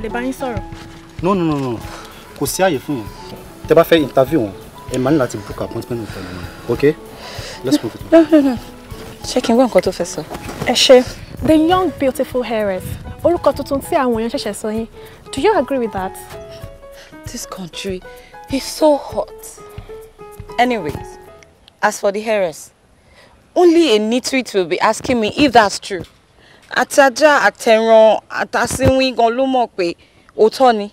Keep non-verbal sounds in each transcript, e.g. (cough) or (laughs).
ṣáà bá yín sọ̀rọ̀. no no no no kò sí àyè fún yẹn tẹ bá fẹ́ interview wọn ẹ máa ní láti book appointment with them ok let's move it. no no no ṣé kí n gbọ́ nǹkan tó fẹ́ sọ. ẹ ṣe the young beautiful heiress orúkọ tuntun tí àwọn èèyàn ṣẹ̀ṣẹ̀ sọ yín do you agree with that. this country is so hot Anyway, as for the heiress only a nitwit will be asking me if that's true. Ataja àtẹran àtasínwín gan ló mọ̀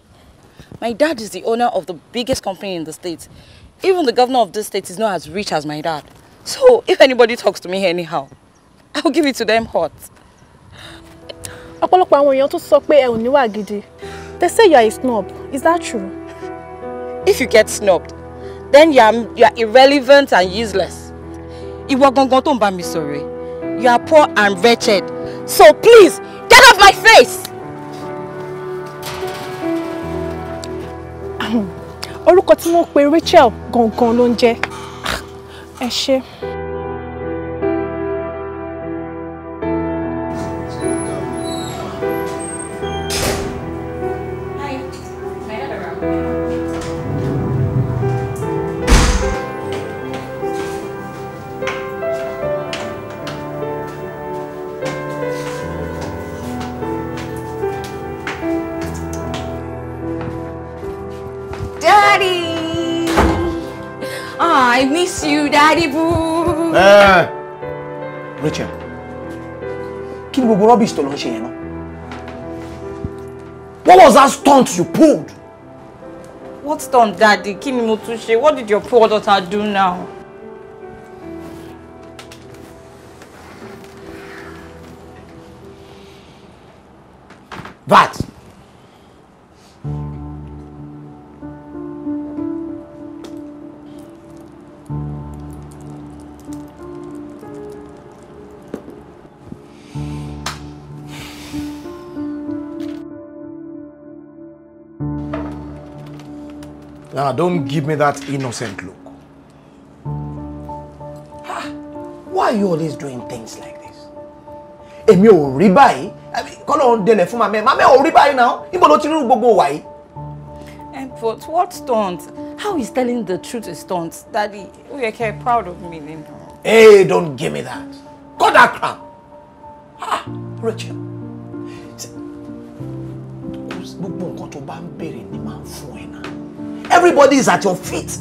My dad is the owner of the biggest company in the state. Even the governor of this state is not as rich as my dad. So if anybody talks to me anyhow, I will give it to them hot. Ọ̀pọ̀lọpọ̀ àwọn èèyàn tún They say you are a snob. Is that true? If you get snubbed, then you are, you are irrelevant and useless. Ìwọ gangan tó You are poor and wretched. So please, get off my face! Orúkọ tí wọ́n pe Rachel gangan ló ń jẹ́. Ah, ẹ miss you, Daddy Boo. Eh, Rachel, kí ni gbogbo rubbish to lunch here, no? What was that stunt you pulled? What stunt, Daddy? Kí ni What did your poor daughter do now? That Now, don't give me that innocent look. Ah, why are you always doing things like this? Èmi ò ribai? báyìí. Kọ́lọ̀ ń délẹ̀ fún màmá ẹ̀. Màmá ẹ̀ ò rí báyìí náà. Ibo ló ti rí gbogbo wa yìí? Eh, what stunt? How is telling the truth a stunt? Daddy, We are kẹ́ proud of me nínú. Hey, eh, don't give me that. that crap. ha, Rachel. Everybody is at your feet.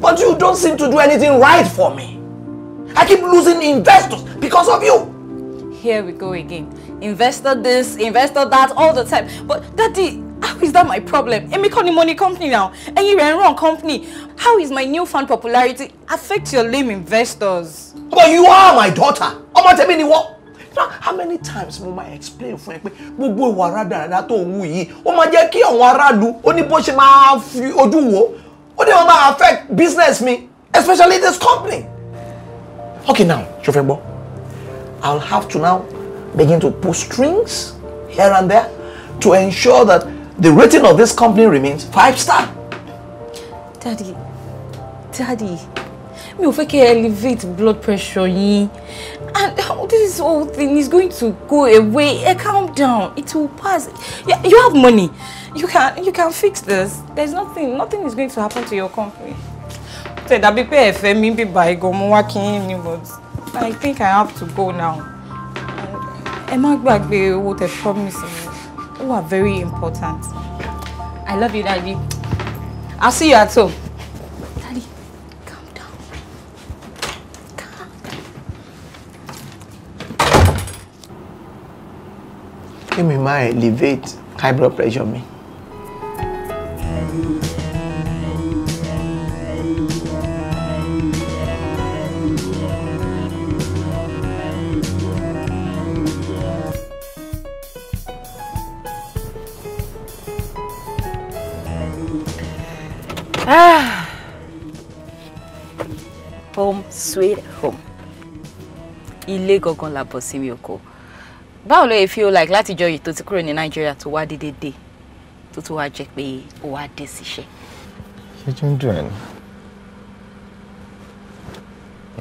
But you don't seem to do anything right for me. I keep losing investors because of you. Here we go again. Investor this, investor that, all the time. But daddy, how is that my problem? Am I calling Money Company now, and you're in wrong company. How is my newfound popularity affect your lame investors? But you are my daughter. not telling you what. how many times mo máa explain fún ẹ pé gbogbo ìwà rádaràda tó ń wù yìí ó máa jẹ́ kí àwọn aráàlú ó ní bó ṣe máa fi ojú wò ó dẹ̀ wọ́n máa affect business mi especially this company. okay now ṣo fẹ́ gbọ́ i'll have to now begin to put strings here and there to ensure that the rating of this company remains five star. daddy daddy mi ò fẹ́ kí elevate blood pressure yín and this whole thing is going to go away. Eh, calm down. It will pass. You, you have money. You can you can fix this. There's nothing. Nothing is going to happen to your company. Said be pay FM be by go working but I think I have to go now. Ẹ má gbàgbé owó tẹ́ promise me. You are very important. I love you, Daddy. I'll see you at home. kémi máa elevate high blood pressure mi. Ah, home sweet home ilé gangan la bọ̀ sí mi oko báwo ló yẹ feel like látijọ́ yìí tó ti kúrò ní nàìjíríà tó wá dédé dé tó tó wá jẹ́ pé ó wá dé síṣẹ́. ṣé jẹ́ ń dùn ẹ́ ni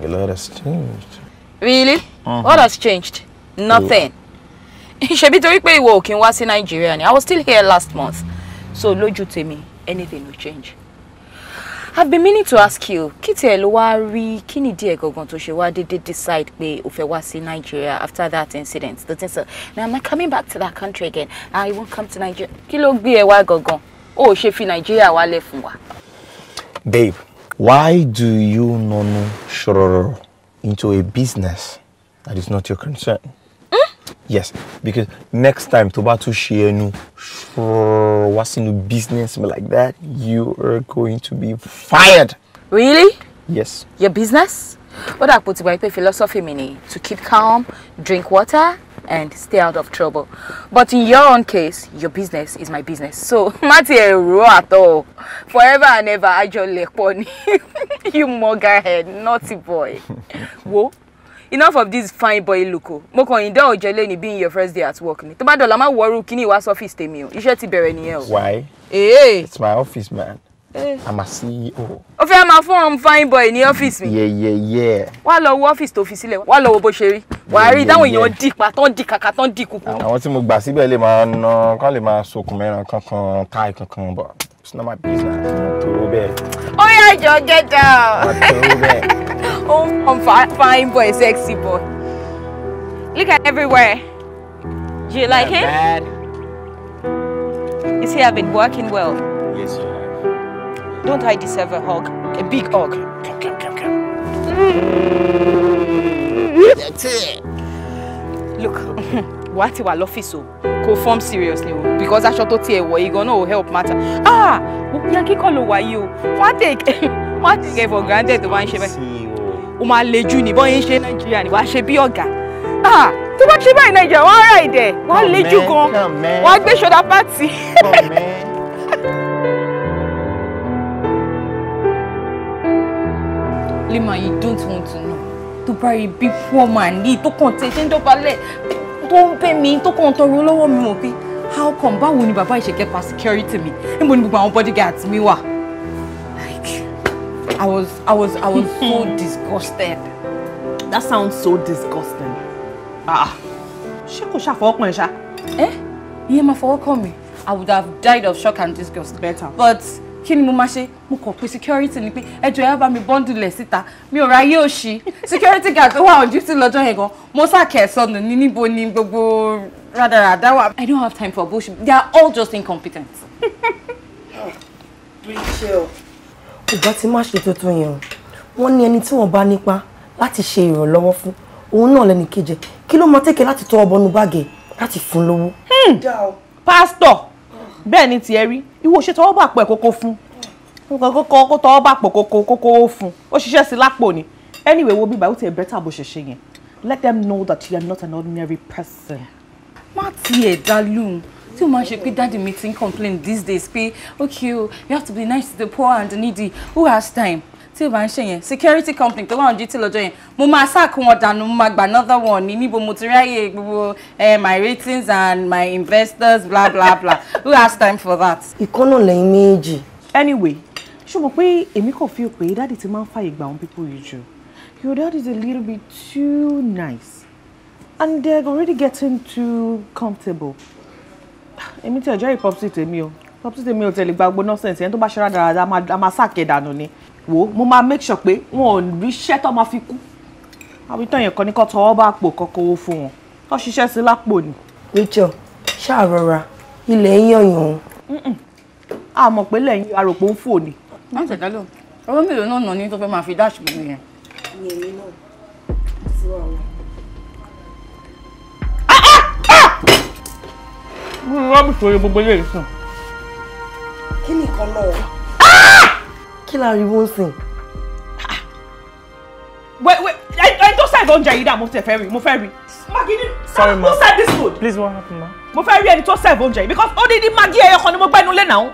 a lot has changed. really uh-huh. what has changed nothing (laughs) ṣebí torí pé ìwọ ò kí n wá sí nàìjíríà ni i was still here last month so lójú tèmi anything will change. I've been meaning to ask you kí tiẹ̀ Kini wá rí kí nìdí ẹ̀ decide pé o fẹ́ Nigeria after that incident the thing so now I'm not coming back to that country again I won't come to Nigeria Kilo ló gbé ẹ Oh, gangan fi Nigeria wálẹ̀ fún Babe, why do you nonu shororo into a business that is not your concern? yes because next time tó bá tún ṣe ẹnu wá business me like that you are going to be fired. really. yes. your business. ó dà pọ̀ philosophy mi ni to keep calm drink water and stay out of trouble but in your own case your business is my business so (laughs) má ti ẹ̀rọ at all forever and ever ajọ lè pọ̀ ni (laughs) you mugger head naughty boy Whoa enough of this fine boy loko mo kàn yín dán òjẹ́ lẹ́ni being your first day at work ni tó bá dọ̀là má wọrú kíní ìwá sọ́fíìsì tèmi o iṣẹ́ ti bẹ̀rẹ̀ nìyẹn o. why hey. Eh. it's my office man hey. Eh. i'm a ceo. o fẹ́ máa fún ọmọ fine boy ní ọ́fíìsì mi. yeah yeah yeah. wá lọ wo ọ́fíìsì tó fi sílẹ̀ wá lọ wo bó ṣe rí wàá rí táwọn èèyàn dì pa tán dì kàkà tán dì kúkú. àwọn tí mo gbà síbẹ̀ lè máa ná kán lè máa sokùn mẹ́ran kankan táì kankan bọ̀. It's not my business. Oh yeah, George, get down. (laughs) oh, I'm fine boy, sexy boy. Look at everywhere. Do you like him? Bad. You see, I've been working well. Yes, you have. Don't I deserve a hug? A big hug. Come, come, come, come. Mm. That's it. Look. (laughs) wàá ti wà lọ́fíìsì o kò form seriously o because aṣọ tó tiẹ̀ wọ̀ yìí náà ò help matter ah òpin akíkọ̀ ló wà yìí o wọ́n á take (laughs) wọ́n á take for granted tó máa ń ṣe bẹ́ẹ̀ o máa le jù ní bọ́yìn ṣe nàìjíríà ni wàá ṣe bí ọ̀gá ah tó bá ṣe báyìí nàìjíríà wọ́n á rà ìdẹ̀ wọ́n á le jù gan wọ́n á gbé ṣọ́dá pàtì. Lima, you don't want to know. To buy a big woman, need to contain, don't ballet tó ń bẹ̀ mí tó kàn ń tọrọ lọ́wọ́ mi mọ̀ pé how come báwo ni bàbá ìṣèkẹ́pà security mi níbo ni gbogbo àwọn bodyguards mi wà. I was I was I was so (laughs) disgusted. That sounds so disgusting. Ah. Ṣé kò ṣàfọwọ́ pọ̀ ẹ̀ ṣá? Ẹ́ eh? ìyẹn máa fọwọ́ kàn mí. I would have died of shock and disgust. Better. But kí ni mo máa ṣe mo kàn pé security ni pé ẹjọ ẹ bá mi bọ́ndùlẹ̀ síta mi ò ráyé òṣì security guard tó wà on duty lọ́jọ́ yẹn gan mo sàkẹ́ sọnù níbo ni gbogbo rádaràdá wà. I don't have time for bullshit they are all just incompetent. ìgbà (laughs) tí má ṣe tuntun yẹn o wọ́n ní ẹni tí wọ́n bá nípa láti ṣe ìrànlọ́wọ́ fún òun náà lẹ́nu kejì kí ló máa tẹ̀kẹ́ láti tọ́ ọbọ̀nù báàgì láti fún lówó. Hmm. pásítọ̀ bẹ́ẹ̀ ni tiẹ̀ rí ìwọ ṣe tọwọ́ bà pọ̀ kókó fún kókó tọwọ́ bà pọ̀ kókó kókó fún ó ṣiṣẹ́ sí lápò ni anyway wo bíbá ó ti ẹ̀ bẹ́tà bó ṣe ṣe yẹn let them know that you are not an ordinary person. má tiẹ̀ dá lóhùn tí o máa ṣe pé daddy mi ti ń complain these days pé okay o you have to be nice to the poor and the needy who has time tí o bá ń ṣe yẹn security company tó wà ní GT lọ́jọ́ yẹn mo máa sack wọn dànù mo máa gba another one ní níbo mo ti ráyè gbogbo my ratings and my investors bla bla bla who has time for that. ìkọ́nà lẹ́yìn méjì. anyway ṣùgbọ́n pé èmi kò fi pé dáàdì ti máa ń fàyè gba àwọn pípọ̀ yìí jù your dad is a little bit too nice and they're already getting too comfortable. èmi tí ọjọ́ ìpọ́pùsì tèmi o pọ́pùsì tèmi ò tẹ̀lé gbàgbó nọ́ọ̀sẹ̀ǹsì ẹni tó bá ṣe rádaràda a máa sáàkì dànù ni wo mo máa make sure pé wọn ò ríṣẹ́ tó máa fi kú àwítọ́ yẹn kan ní kó tọwọ́ bá pò kọ́kọ́ owó fún wọn tó ṣiṣẹ́ sí lápò ni. rachel ṣàrọra ilẹ̀ ń yànyàn. a mọ̀ pé lẹ́yìn aròpó ń fò ni. má ṣẹ̀dá lò owó mélòó náà nà ní tó fẹ́ máa fi dáṣì gbogbo yẹn. mo rọ́bù sórí gbogbo ilé ìsìn. kí nìkan náà kí la rí wọ́n sìn. Ah. wait wait ẹni tó serve oúnjẹ yìí dà mo fẹ́ mo fẹ́ sorry ma who said this food. please what happened, ma. mo ferry. I don't tó serve oúnjẹ yìí because ó dídí magi ẹyọ kan ni buy gbẹ́nu lé náà.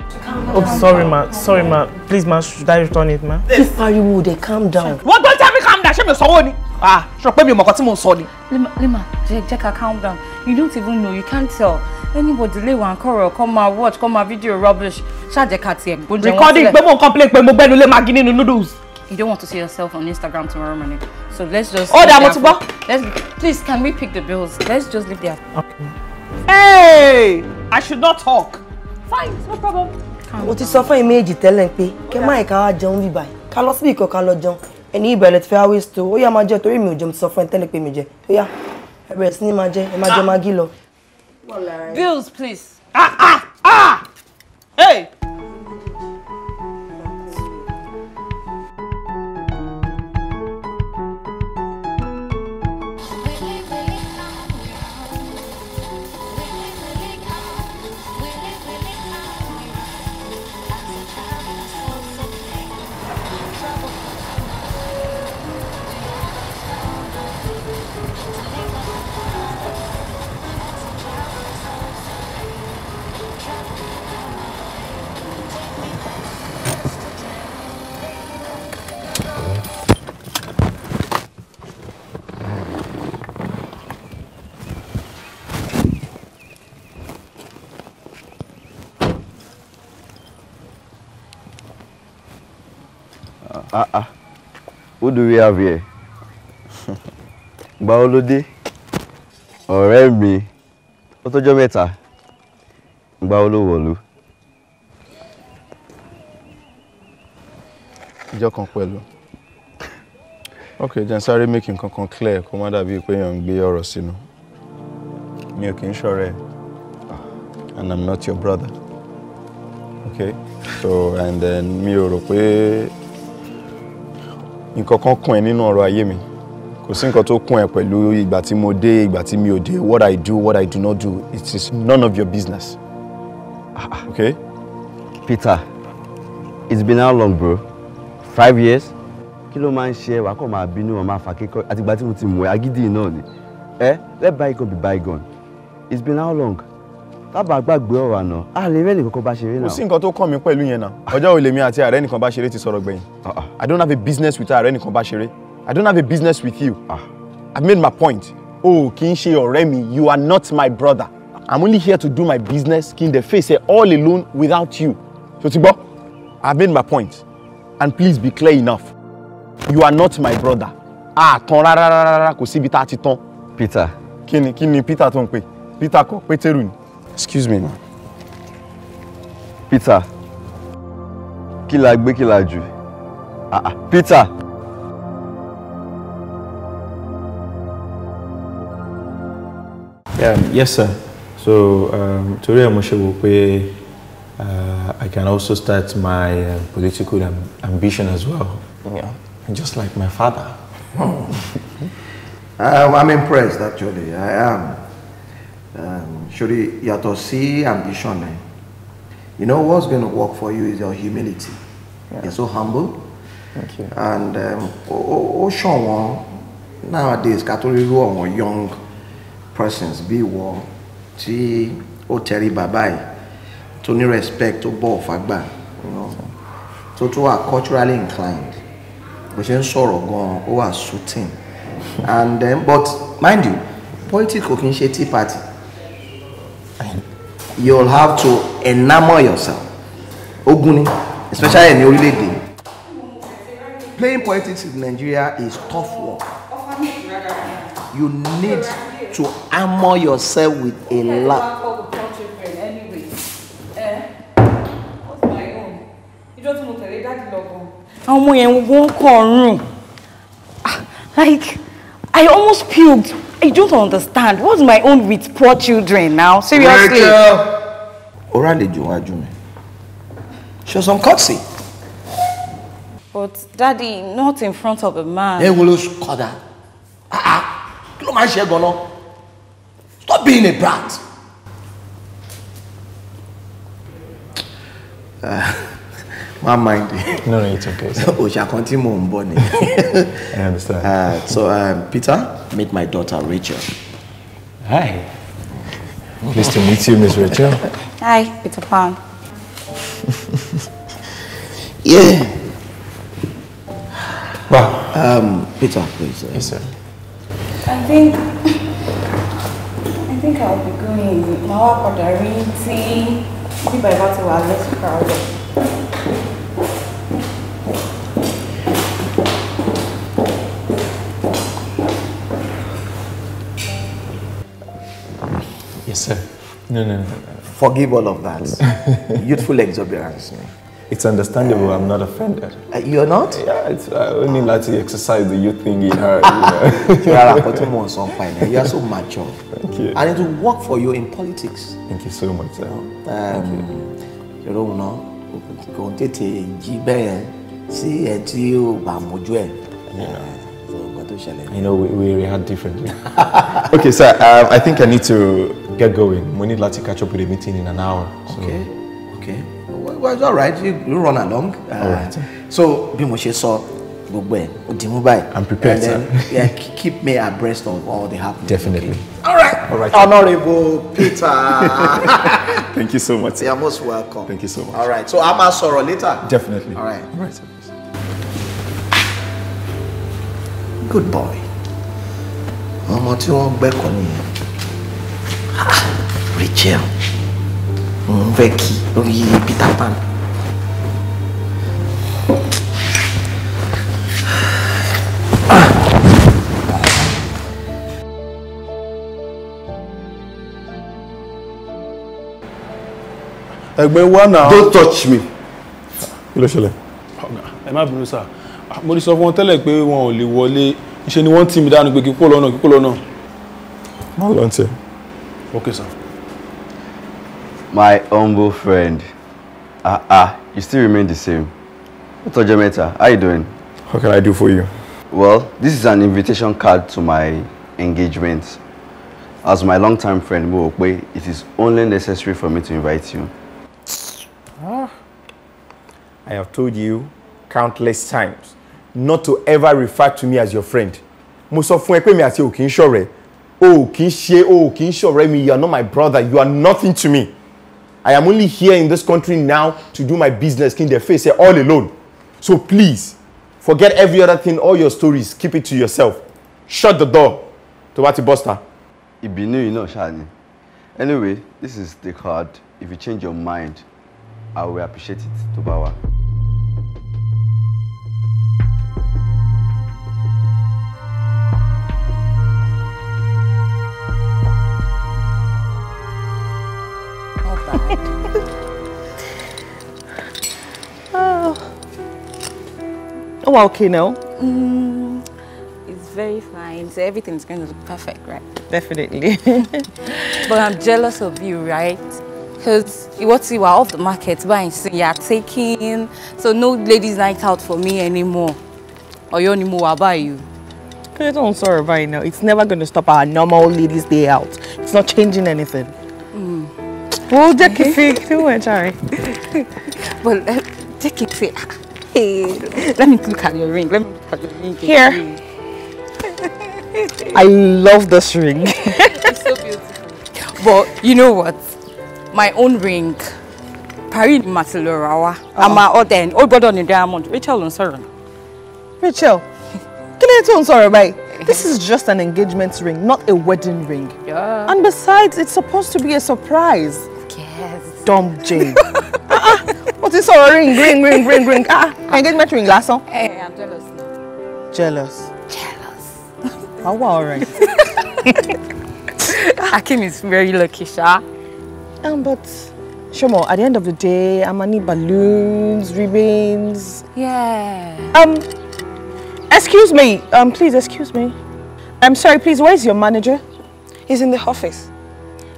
oh sorry ma sorry ma please ma should I return it ma. kí pariwo de calm down. What? Don't tell me calm down ṣé mi ò sanwó ni. ah ṣùgbọ́n pé mi ò mọ̀kàn tí mo ń sọ ni. lima lima jẹ́ ká calm down you don't even know you can't tell anybody lè wà ń kọ̀rọ̀ kọ́ máa watch kọ́ my video rubbish ṣáàjẹ́ ká recording pé complain pé mo gbẹ́nu lé noodles. you don't want to see yourself on Instagram tomorrow morning so let's just. Oh, dààmú tí let's please can we pick the bills let's just leave there. okay. hey I should not talk. fine no problem. What is suffering? fún ìméjì tẹ́lẹ̀ pé kẹ́ máa ìka wá jẹun bíbá ká lọ síbi ìkọ̀ ká lọ jẹun ẹni ìbẹ̀rẹ̀ ti fẹ́ wá waste o ó yá máa jẹ torí mi ò jẹun ti sọ fún ẹ tẹ́lẹ̀ pé mi jẹ bills please ah ah ah hey ah, ah. Who do we have here? Gbaolódé. Ọ̀rẹ́ mi. Ó tọjọ mẹta Gbaolówọ̀lú. Ìjọ kan Ok, jẹ́ sáré make nǹkan kan clear kó má dàbí pé èèyàn ń gbé ọ̀rọ̀ sínú. Mi ò kì í And I'm not your brother. Okay? So, and then mi ò rò pé nǹkan kan kún ẹ nínú ọ̀rọ̀ ayé mi kò sí nǹkan tó kún ẹ pẹ̀lú ìgbà tí mo dé ìgbà tí mi ò dé what i do what i do not do it is none of your business. okay. peter it's been how long bro five years kí ló máa ń ṣe wàá kàn máa bínú wọn máa fà kíkọ tí mo ti mú ẹ agídí náà ni ẹ let bygone be bygone it's been how long tábà gbàgbé ọ̀rọ̀ àná a lè rẹ́ nìkan bá ṣeré náà. kò sí nǹkan tó kàn mí pẹ̀lú yẹn náà ọjọ́ òlè mi àti ààrẹ nìkan bá ṣeré ti sọ̀rọ̀ gbẹ̀yìn ah, ah. i don't have a business with ààrẹ nìkan bá ṣeré i don't have a business with you ah. i made my point o oh, kì í ṣe ọ̀rẹ́ mi you are not my brother i'm only here to do my business kí n dey face it all alone without you so ti gbọ́ i made my point and please be clear enough you are not my brother a tán rárá rárá kò síbi tá a ti tán. peter kí ni kí ni peter tó ń pè peter kọ́ pétérù ni excuse me ma. Peter Kill la gbé kill la jù ah ah Peter. Yeah, um, yes sir so today um, torí ẹ mo ṣe wò pé uh, I can also start my uh, political um, ambition as well yeah. just like my father. Oh. (laughs) um, I'm impressed actually I am. Um, ṣòrí yàtọ̀ sí ambition you know what's going to work for you is your humility yeah. you're so humble Thank you. and ó um, ṣọ̀wọ́n nowadays ká tó rírú àwọn young persons bí ìwọ tí ó tẹrí bàbá ẹ tó ní respect tó You know, so tó are culturally inclined but ṣe sorrow gone gan are ó and then um, but mind you politics kò kí party you'll have to enamor yourself ogun especially ní orílẹ̀-èdè playing politics in Nigeria is tough work you need to armor yourself with a lot. àwọn ọmọ yẹn wọ́n kọ̀ ọ̀run ah, like I almost puked I don't understand. What's my own with poor children now? Seriously. Rachel! Oralejo wájú Show some courtesy. But daddy, not in front of a man. Ẹ will ló kọ́ ah, ah, Kí ló máa ń Stop being a brat. Uh. (laughs) one mind. no, no, it's okay. we shall (laughs) continue on Bonnie. (laughs) I understand. Uh, so, um, Peter, meet my daughter Rachel. Hi. Pleased to meet you, Miss Rachel. Hi, Peter Pan. (laughs) yeah. Wow. Um, Peter, please. Uh, yes, sir. I think I think I'll be going. Now I've ring tea. Maybe by about two hours crowded. Yes, sir. No, no, no. Forgive all of that. (laughs) Youthful exuberance. It's understandable. I'm not offended. Uh, you're not? Yeah, it's, I uh, only like to exercise the youth thing in her. You know. (laughs) (laughs) you are so mature. Thank you. And it will work for you in politics. Thank you so much, sir. Um, Thank you. You don't know. Eh, eh, you know, we, we had different. okay, sir, um, I think I need to get going. We need like, to catch up with a meeting in an hour. So. Okay, okay. Well, well, all right. You, you run along. Uh, all right. Uh, so, bí mo ṣe sọ gbogbo ẹ I'm prepared, then, sir. (laughs) yeah, keep me abreast of all the happening. Definitely. Okay. All right. All right. Honourable Peter. (laughs) Thank you so (laughs) much. You're most welcome. Thank you so much. All right. So, a máa sọ̀rọ̀ later. Definitely. All right. All right. Sir. Good boy. I'm to tí back on you. Rachel òun fẹ́ kí lórí Peter Pan. ẹgbẹ́ wa náà. don't touch me. kí ló ṣẹlẹ̀. ẹ má bínú sá mo ti sọ fún wọn tẹ́lẹ̀ pé wọn ò lè wọlé ṣe ni wọ́n tì mí dànù pé kíkó lọ́nà kíkó lọ́nà. má lọ Okay, sir. My humble friend. Ah, uh, ah, uh, you still remain the same. Otojo Meta, how you doing? How can I do for you? Well, this is an invitation card to my engagement. As my long-time friend Mo it is only necessary for me to invite you. Ah. I have told you countless times not to ever refer to me as your friend. Mo sọ fún ẹ pé mi àti òkè ń o oh, kì í ṣe o oh, kì í ṣọ̀rẹ́ mi you are not my brother you are nothing to me i am only here in this country now to do my business kí n dey face all alone so please forget every other thing all your stories keep it to yourself shut the door tó bá ti bọ́ sta. ìbínú yìí náà ṣáà ni anyway this is the card if you change your mind i will appreciate it tó bá wà. oh. oh, okay now. Mm, it's very fine. So everything's going to look perfect, right? Definitely. (laughs) but I'm jealous of you, right? Because what you are off the market buying, so you are taking. So no ladies' night out for me anymore. Or you anymore, I'll buy you. Don't sorry, right now. It's never going to stop our normal ladies' day out. It's not changing anything take ده كفايه too much sorry. (laughs) well uh, take it fair hey let me look at your ring let me look at your ring here (laughs) I love this ring (laughs) it's so beautiful but you know what my own ring Paris Matilorawa ama ọdẹ ó brother in diamond Rachel ń sọ̀rọ̀ Rachel can you ètò ń sọ̀rọ̀ báyìí. This is just an engagement ring, not a wedding ring. Yeah. And besides, it's supposed to be a surprise. Yes. Dumb Jane. What is all ring, ring, ring, ring, ring? Ah, I get engagement ring on. Hey, I'm jealous Jealous? Jealous. Oh, wow, all right. (laughs) Akim is very lucky, Sha. Um, but Shomo, at the end of the day, I'm gonna need balloons, ribbons. Yeah. Um, excuse me. Um, please excuse me. I'm um, sorry, please, where's your manager? He's in the office.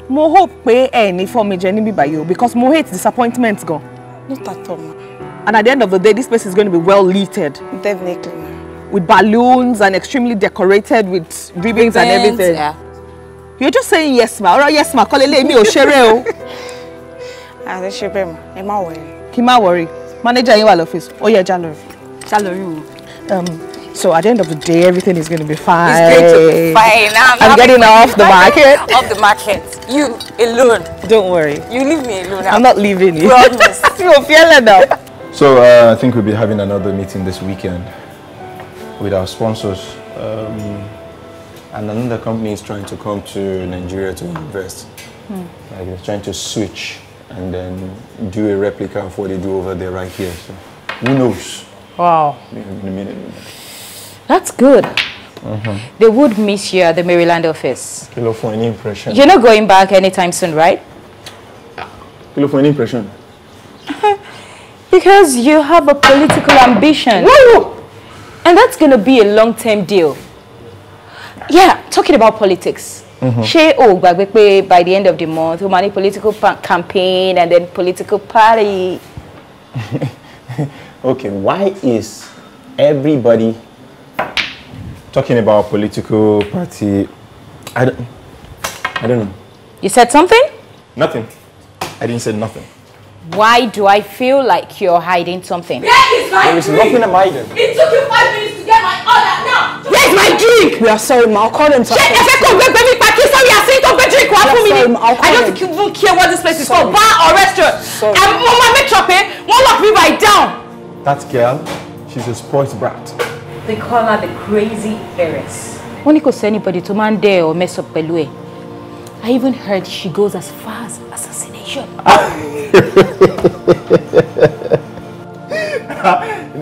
mo hope pé ẹ ní fọ́ mi jẹ níbí báyìí o because mo hate disappointment gan. not at all ma. and at the end of the day this place is going to be well lighted. definitely ma. with balloons and extremely decorated with ribbons and everything. Yeah. you're just saying yes ma ọ̀rọ̀ yes ma kọ́lé lé mi ò ṣeré o. àti (laughs) ah, ṣe bẹ́ẹ̀ ma ẹ má wọrí. kí n má wọrí manager yín wà lọ́fíìsì ó yẹ jálọ̀rí. jálọ̀rí wo. Um, So at the end of the day, everything is going to be fine. It's going to be fine. I'm, I'm getting off the market. Off the market. You alone. Don't worry. You leave me alone. I'm, I'm not leaving you. Promise. (laughs) You're feeling So uh, I think we'll be having another meeting this weekend with our sponsors. Um, and another company is trying to come to Nigeria to invest. Hmm. Like they're trying to switch and then do a replica of what they do over there right here. So who knows? Wow. In a minute. That's good. Mm -hmm. They would miss you at the Maryland office. Kí ló fún impression? You're not going back anytime soon, right? Kí ló fún impression? (laughs) because you have a political ambition. And that's going to be a long-term deal. Yeah, talking about politics. Mm-hmm. Ṣé o by the end of the month, o political campaign and then political party? (laughs) okay, why is everybody talking about political party, I don't, I don't know. You said something? Nothing. I didn't say nothing. Why do I feel like you're hiding something? Where is my There is drink? nothing I'm hiding. It took you five minutes to get my order. Now, where's my drink? We are sorry, ma. I'll call them. Shit, if I could get baby back, so we are seeing don't drink one for I don't even care what this place is called, bar or restaurant. Sorry. And mama make chopping, won't lock me by down. That girl, she's a spoiled brat. They call her the crazy heiress. When it ní to anybody tó man ń or mess up pẹ̀lú I even heard she goes as far as assassination. (laughs)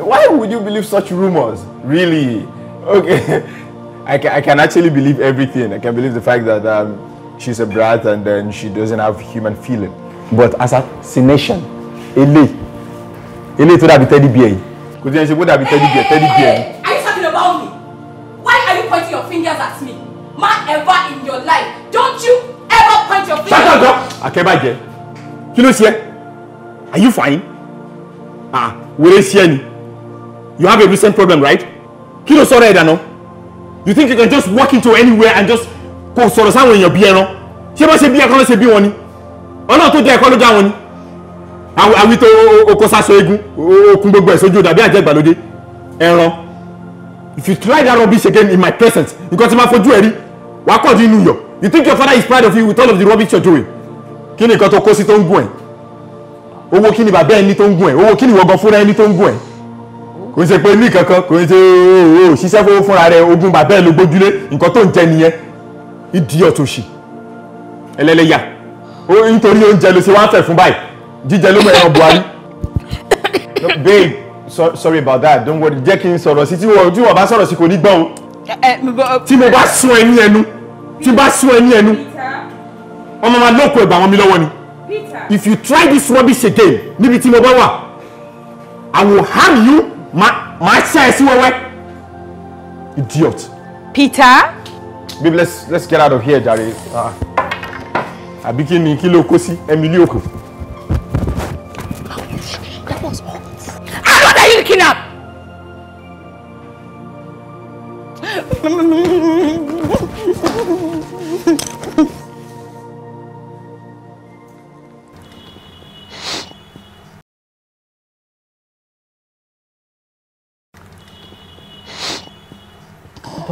Why would you believe such rumors? Really? Okay. (laughs) I can, I can actually believe everything. I can believe the fact that um, she's a brat and then she doesn't have human feeling. But assassination, ele, ele tó be teddy bear yìí. you tí ẹ ṣe kó dàbí teddy bear, teddy bear. about me? Why are you pointing your fingers at me? Ma ever in your life, don't you ever point your fingers Shut up, Akẹ́bàjẹ́. Kí ló ṣe? Are you fine? Ah, where is ni. You have a recent problem, right? Kí ló sọ̀rọ̀ ẹ̀ dànù? You think you can just walk into anywhere and just kò sọ̀rọ̀ sáwọn èèyàn bí ẹran? Ṣé bá ṣe bí ẹ̀kọ́ ló ṣe bí wọn ni? Ọlọ́run tó jẹ́ ẹ̀kọ́ ló já wọn ni. Àwító okòsáṣọ eégún, okùn gbogbo ẹ̀ sójú dàbí àjẹgbàlódé. Ẹran if you try that rubbish again in my presence nǹkan tí ma fojú ẹ rí wàá kàn dín you think your father is proud of you with all of the rubbish you're doing kí ni nǹkan tó kó sí tó ń gùn ẹ owó kí ni bàbá ẹni tó ń gùn ẹ owó kí ni wọgàn fúnra ẹni tó ń gùn ẹ kò ń ṣe pé ní kankan kò ń ṣe ooo ṣiṣẹ́ fowó fúnra rẹ ogún bàbá ẹ ló gbójúlé nǹkan tó ń jẹ nìyẹn ìdí ọ̀tòṣì ẹlẹ́lẹ́yà nítorí oúnjẹ ló ṣe wá ń fẹ̀ fún báyìí jíjẹ ló mọ ẹran Buhari (laughs) babe sorry about that don't worry jẹ́ kí n sọ̀rọ̀ sí tí wọ́n tí wọ́n bá sọ̀rọ̀ sí kò ní gbọ́n o tí mo bá sún ẹ ní ẹnu tí bá sún ẹ ní ẹnu ọmọ máa lóko ẹ̀bà wọn mi lọ́wọ́ ni if you try this rubbish again níbi tí mo bá wà I will harm you máa ṣe ẹ sí wẹ́wẹ́ idiot. Peter. babe let's let's get out of here jare ah. àbí kí ni kí ló kó sí Emily okun. But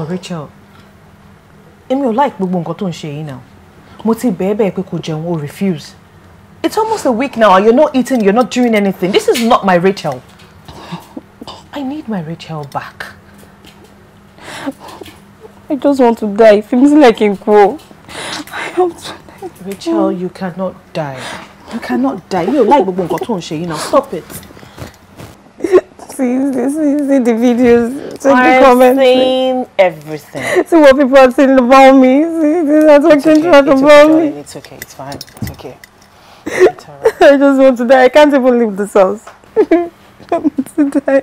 Rachel, èmi your life, gbogbo nǹkan tó ń ṣe yìí now. Mo ti bẹ̀ẹ́ bẹ̀ẹ́ pé refuse. It's almost a week now. You're not eating, you're not doing anything. This is not my Rachel. I need my Rachel back. I just want to die. Fi mí sílẹ̀ kí n kú I want to die. Rachel, you cannot die. You cannot die. You like láì gbogbo nǹkan tó ń now. Stop it. See, see, see, see the videos. See I've the comments. I've seen everything. See what people are saying about me. See, they're talking okay, about okay, me. It's okay, it's fine. It's okay. It's (laughs) right. I just want to die. I can't even leave this house. (laughs) I want to die.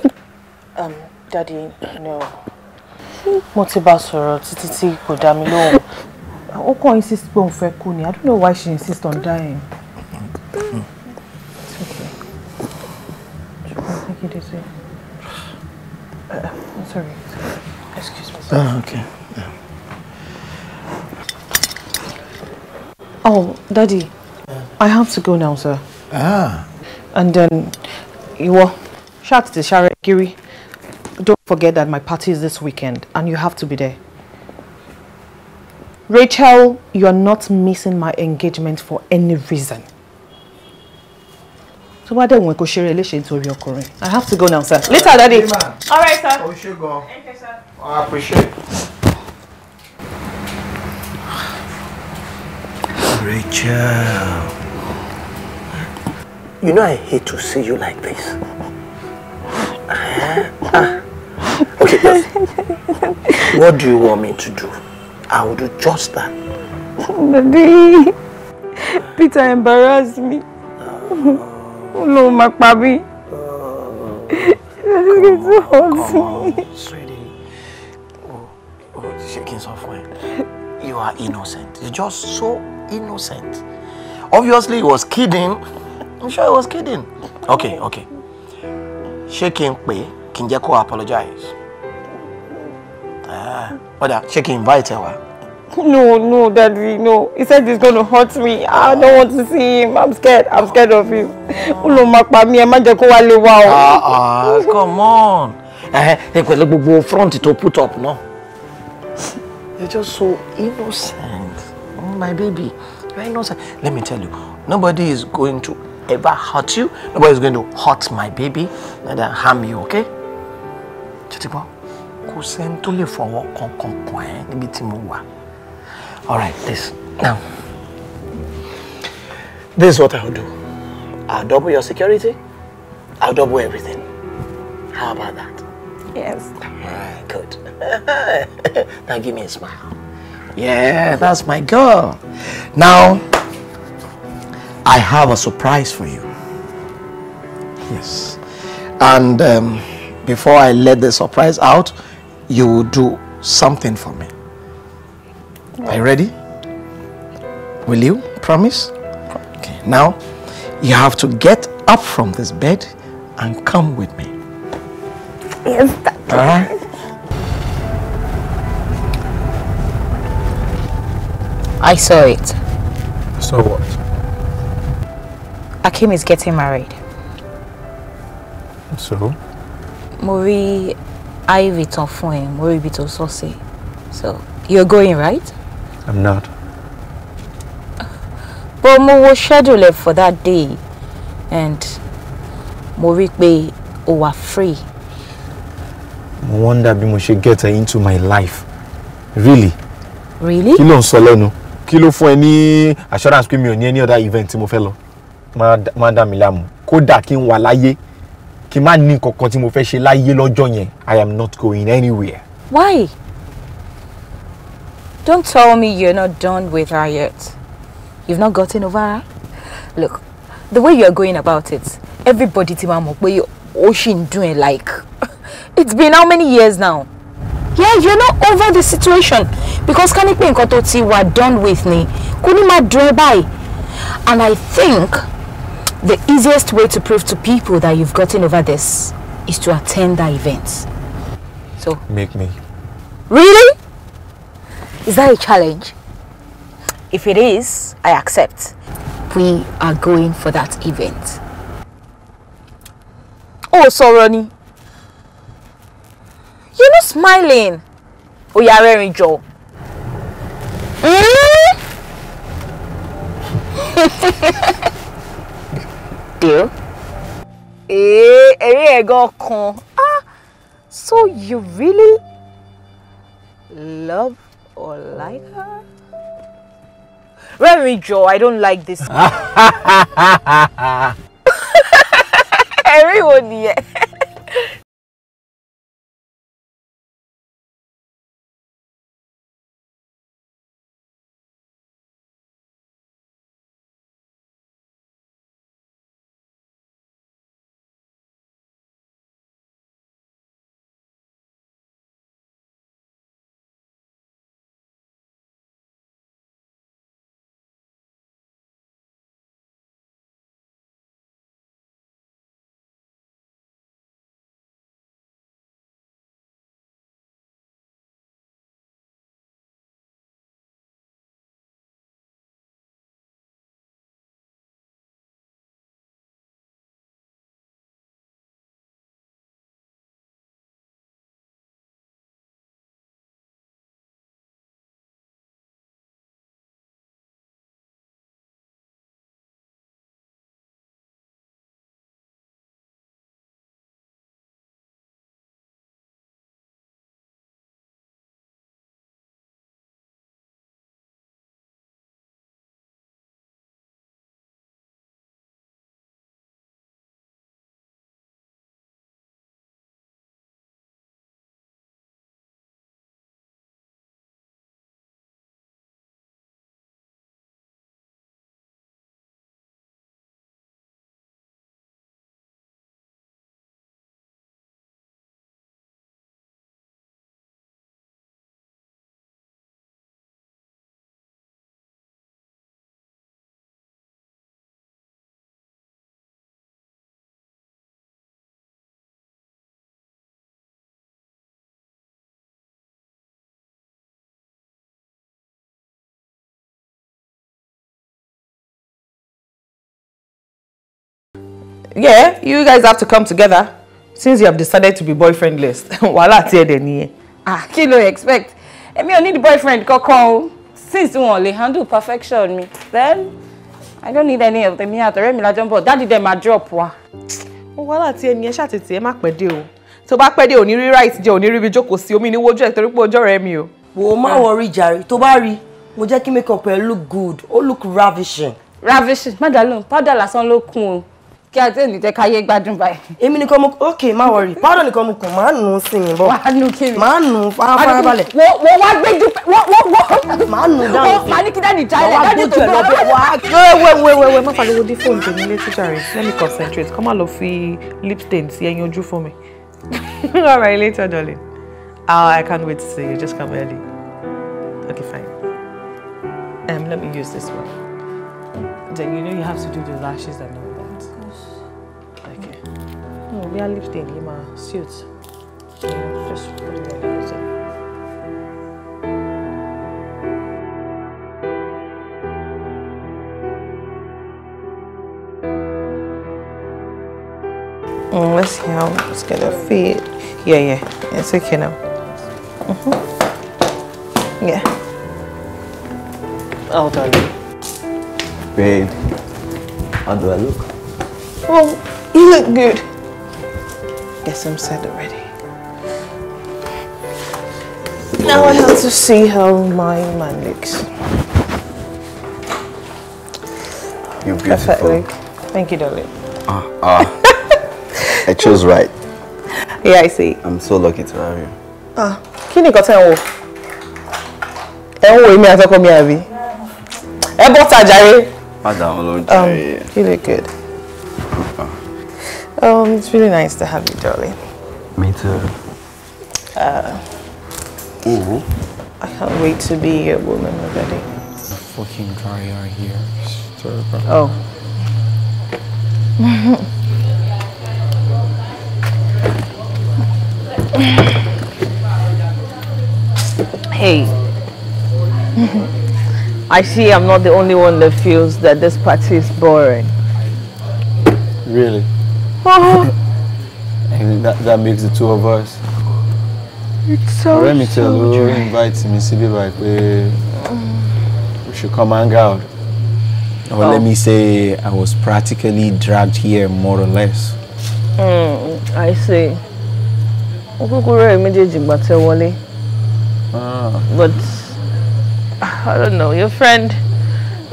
(laughs) um, Daddy, no. Mo ti bá sọ̀rọ̀ títí tí kò dá mi lóhùn. Ó kàn insist pé òun fẹ́ kú ni. I don't know why she insists on dying. It's okay. Ṣùgbọ́n kí ló I'm sorry. Excuse me. Sir. Oh, ah, okay. Yeah. Oh, Daddy. I have to go now, sir. Ah. And then, ìwọ, ṣáà tètè ṣáré kiri. Don't forget that my party is this weekend and you have to be there. Rachel, you're not missing my engagement for any reason. So why don't we go share a relationship with your I have to go now, sir. Later, daddy. All right, sir. Oh, we should go. Thank you, sir. Oh, I appreciate it. Rachel. You know I hate to see you like this. (laughs) Ah. Okay, just, (laughs) what do you want me to do? I will do just that. Baby, Peter embarrassed me. Oh no, my papi. Uh, come on, come on, sweetie. Oh, oh, shaking software. You are innocent. You're just so innocent. Obviously, he was kidding. I'm sure he was kidding. Okay, okay. Shaking pay kí n jẹ́ apologize. Ah, ọ̀dà ṣé she n invite her. No, no, Daddy, no. He said he's gonna hurt me. I don't want to see him. I'm scared. I'm scared of him. Ulo má pa mí, ẹ má jẹ́ ah, ah, come on. Eh, go pẹ̀lú gbogbo front to put up náà. You're just so innocent. Oh, my baby. You're innocent. Let me tell you, nobody is going to ever hurt you. Nobody is going to hurt my baby. Neither harm you, okay? títí gbọ́ kò sẹ́ni tó lè fọwọ́ kankan kàn ẹ́ níbi tí mo wà. all right this now this is what i will do i will double your security i will double everything how about that. yes. all right good (laughs) now give me a smile yeah that's my girl now i have a surprise for you yes and. Um, before I let the surprise out, you will do something for me. Yeah. Are you ready? Will you promise? Okay. Now, you have to get up from this bed and come with me. Yes, All right? I saw it. Saw so what? Akim is getting married. So? mo rí ivy tán fún ẹ mo rí ibi tó sọ sí so you're going right. i'm not. but mo wo schedule for that day and mo rí pé o wà free. mo wonder bí mo ṣe get her into my life really. really. kí ló ń sọ lẹ́nu kí ló fún ẹ ní assurance pé mi ò ní any other event tí mo fẹ́ lọ máa dá mi láàmú kódà kí n wà láyé kí n má ní kankan tí mo fẹ́ ṣe láyé lọ́jọ́ yẹn I am not going anywhere. Why? Don't tell me you're not done with her yet. You've not gotten over her? Look, the way you are going about it, everybody ti máa mọ̀ pé ó ṣì ń dùn ẹ́ like (laughs) it's been how many years now? yeah you're not over the situation because ká ní pé nǹkan tó ti wà done with ni kò ní máa dùn ẹ́ báyìí and I think The easiest way to prove to people that you've gotten over this is to attend that event. So. Make me. Really? Is that a challenge? If it is, I accept. We are going for that event. Oh, Soroni. You're not smiling. Oh, you're wearing jaw. Mm? Mm-hmm. (laughs) deal? Eh, ẹ gan kan. Ah, so you really love or like her? Remy Joe, I don't like this. Everyone, (laughs) (laughs) yeah. yeah you guys have to come together since you have decided to be boyfriendless (laughs) wàhálà tí ẹ dẹ̀ nìyẹn. ah kí ló expect èmi ò need boyfriend kankan since you only handle perfection me, then i don't need any of them yẹn the mi lájọ́ ń bọ̀ dáàdi dẹ̀ máa drop wa. wàhálà tí ẹni ẹ ṣàtètè ẹ má pẹ́ dé o tó bá pẹ́ dé òní rí right jẹ́ òní rí ibi jókòó sí omi níwójú ẹ̀ torí pé ojú ọ̀rẹ́ mi o. wò ó má ah. wọrí jàre tó bá rí mo jẹ́ kí makeup ẹ look good ó look ravishing. ravishing má Padala lóhùn powder lásán kí a tẹ́ ní tẹ́ káyé gbádùn báyìí. èmi nìkan mo ok má wọrí pàdán nìkan mo kàn máa nù ú sí mi bọ máa nù kiri máa nù wọ́n wá gbé ju wọ́n wọ́n. máa nù dáhùn sí i máa ní kí dáàdì jalè dáàdì tó gbọ́ lọ́wọ́ wá. wẹ́ẹ́ wẹ́ẹ́ wẹ́ẹ́ má pariwo dé fóònù tèmi létí jàre let me concentrate kọ́ má lọ fi lip stain sí ẹyin ojú fún mi. (laughs) all right later darling uh, I can't wait to see you just come early okay fine um, let me use this one then you know you have to do the lashes and vi har lipt in lima suits. Mm, let's see how it's gonna fit. Yeah, yeah, it's okay now. Mm -hmm. Yeah. Um, Hold mm-hmm. on. Babe, how do I look? Oh, you look good. guess I'm sad already. Now I have to see how my man looks. You're beautiful. Perfect look. Thank you, darling. Ah, ah. I chose right. Yeah, I see. I'm so lucky to have you. Ah, kí ni nǹkan tẹ́ ń wò? Ẹ ń wo èmi àtọkọ mi àbí? jare. bọ́ tàjà yé. Um, you look good. Uh ah. -huh. Um, it's really nice to have you, darling. Me too. Uh, I can't wait to be a woman already. Fucking dry eye here. Sorry, Oh. (laughs) hey. (laughs) I see I'm not the only one that feels that this party is boring. Really? and that, that makes the two of us. It's so tell you, Telu invites me to be like, we, we should come hang out. Or oh. let me say, I was practically dragged here more or less. Mm, I see. Ah. But I don't know, your friend,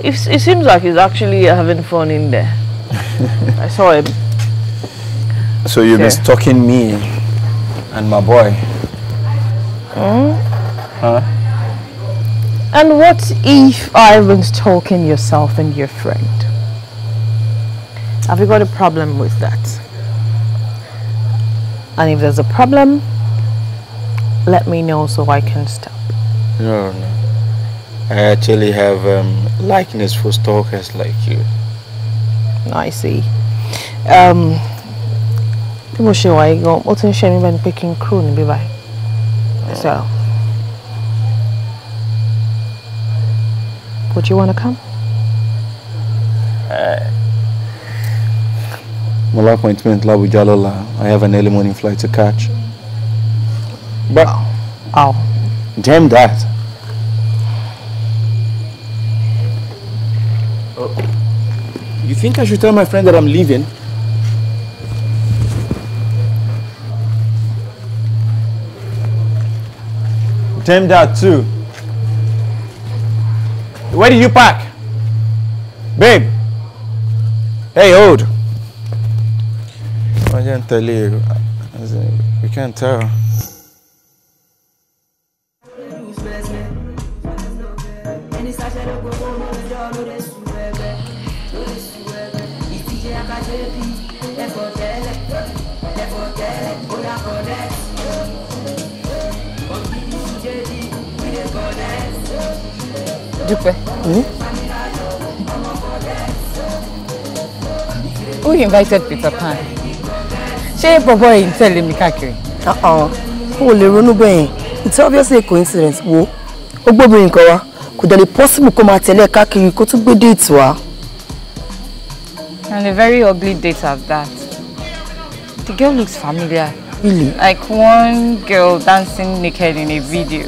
it, it seems like he's actually having fun in there. (laughs) I saw him. So you've been stalking me and my boy. Hmm? Huh? And what if I was stalking yourself and your friend? Have you got a problem with that? And if there's a problem, let me know so I can stop. No, no. I actually have um, likeness for stalkers like you. I see. Um, i mo ṣe wà yìí gan ó ti ń ṣe mí bẹ́ẹ̀ ni pé kí n kúrò pe ki so would you wanna come. Eh, mo appointment l'Abuja lọ́la I have an early morning flight to catch. but oh. damn that. Oh. You think I should tell my friend that I'm leaving? Attempt out too. Where did you park? Babe. Hey, hold. I can't tell you. We can't tell. Dúpẹ́. Hmm? Who invited Peter Pan? Ṣé bọ̀bọ̀ yìí ń tẹ̀lé mi káàkiri? O uh-uh. lè ronú bẹ́yẹn. It's obviously a coincidence. Wo, ó gbóbìnrin kan wá. Kò dẹ̀ lè possible kó máa tẹ̀lé káàkiri kó tún gbé déètì wá. And a very ugly date at that. The girl looks familiar. Really? Like one girl dancing naked in a video.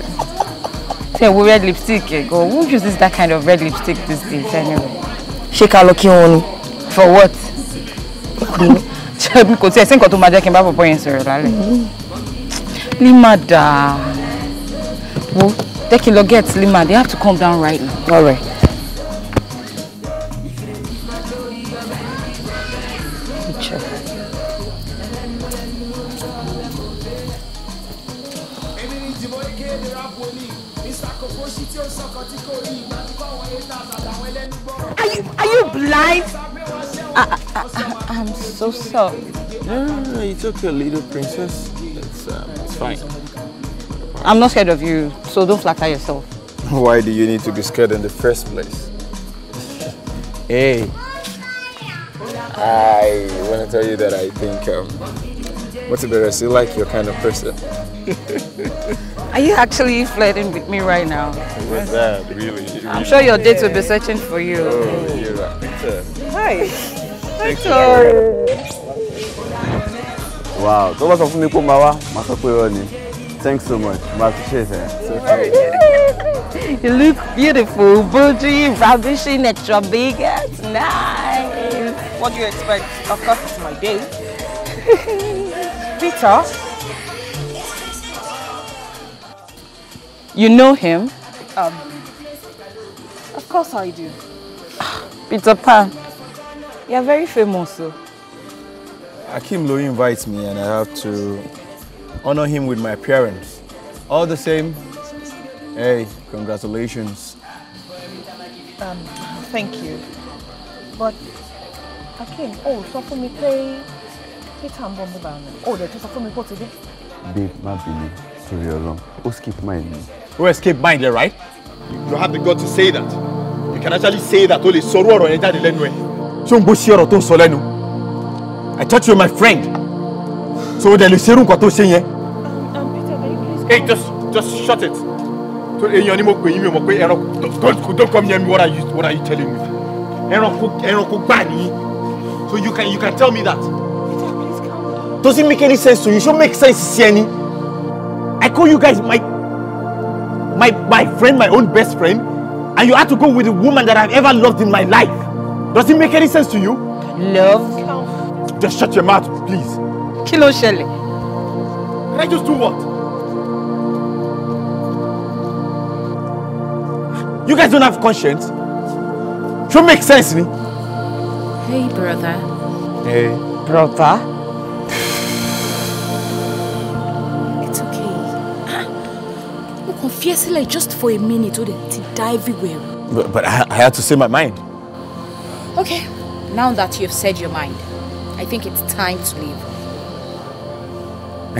Say wo red lipstick eh, Go. who uses that kind of red lipstick these days anyway. ṣé ká lọ kí wọn ni. for what. ṣé kò tí ẹ sí nǹkan tó máa jẹ́ kí n bá bọ̀bọ̀ yẹn sọ̀rọ̀ lálẹ́. limada wo jẹ́ kí n lọ get limada you have to calm down right now. all right. life. I, I, I, am so sorry. No, no, no, it's okay, little princess. It's, um, it's fine. I'm not scared of you, so don't flatter yourself. Why do you need to be scared in the first place? (laughs) hey, I want to tell you that I think um, what's it better? You like your kind of person. (laughs) Are you actually flirting with me right now? What's that? Really? really? I'm sure your dates will be searching for you. Oh, yeah. are right. Hi. Hi. Wow. So what's up, Niko Mawa? Thanks so much. I appreciate it. (laughs) you look beautiful, bulgy, ravishing, extra big. It's nice. What do you expect? Of course, it's my day. (laughs) Peter. You know him? Um, of course I do. (sighs) Peter Pan. You're very famous, though. Akim Lowe invites me and I have to honor him with my appearance. All the same, hey, congratulations. Um, thank you. But, Akim, oh, sọ fún mi pé Peter ń bọ̀ mú bàánù. Oh, dẹ̀ tó sọ fún mi pé ó ti dé. Who's má my name? ó escaped mind ẹ right. you have the guts to say that you can actually say that only sorrow or enter the jáde So ẹ. ṣé o ń gbóṣe ọ̀rọ̀ i thought you were my friend so o dẹ̀ lè ṣerú nǹkan tó ṣe yẹn. Um, hey just just shut it so you ni mo pè yín mi ò don't don't come near me what are you what are you telling me so you can you can tell me that. Does it make any sense to you? It should make sense, Sieni. I call you guys my my, my friend, my own best friend, and you had to go with the woman that I've ever loved in my life. Does it make any sense to you? Love? Just shut your mouth, please. Kilo Shelley. Can I just do what? You guys don't have conscience. Should make sense, me. Hey, brother. Hey. Brother? fiercely like just for a minute so oh, that it die everywhere. But, but I, I had to say my mind. Okay, now that you've said your mind, I think it's time to leave.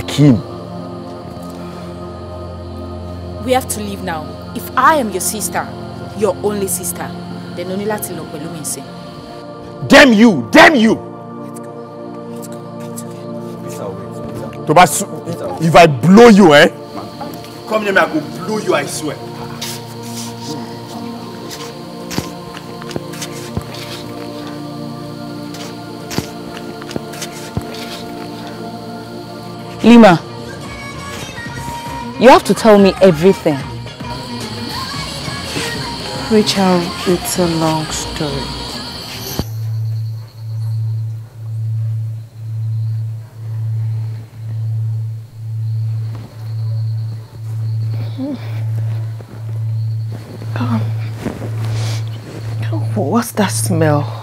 Akeem. We have to leave now. If I am your sister, your only sister, then Onila Tilo Peluminse. Damn you! Damn you! go. Let's go. Let's go. Let's go. Let's go. Let's go. Let's go. If I blow you, eh? Come near me, I go blow you, I swear. Lima, you have to tell me everything. Rachel, it's a long story. that smell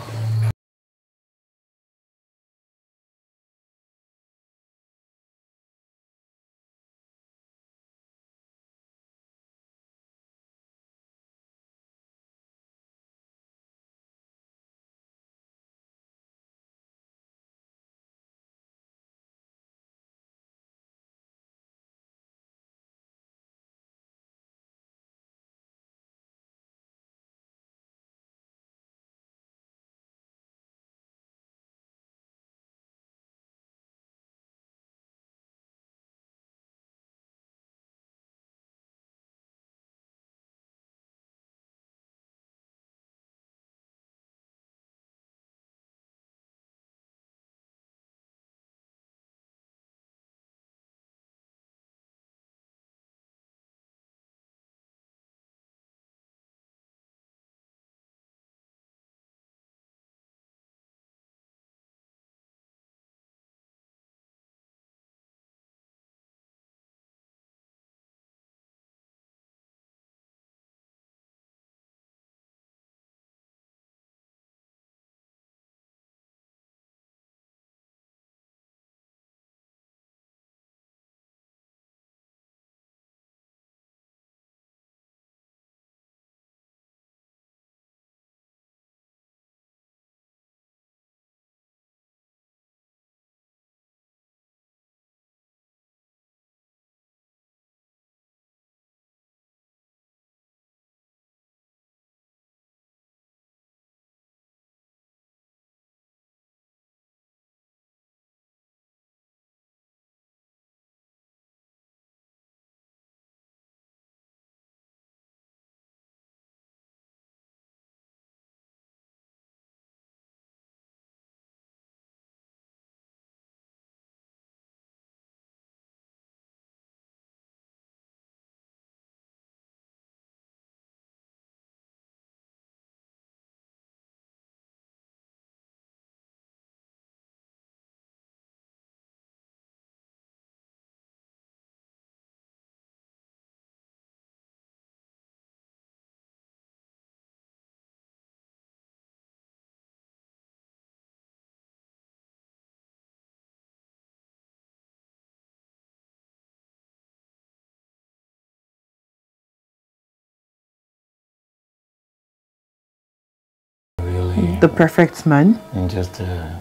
The perfect man. And just a, uh,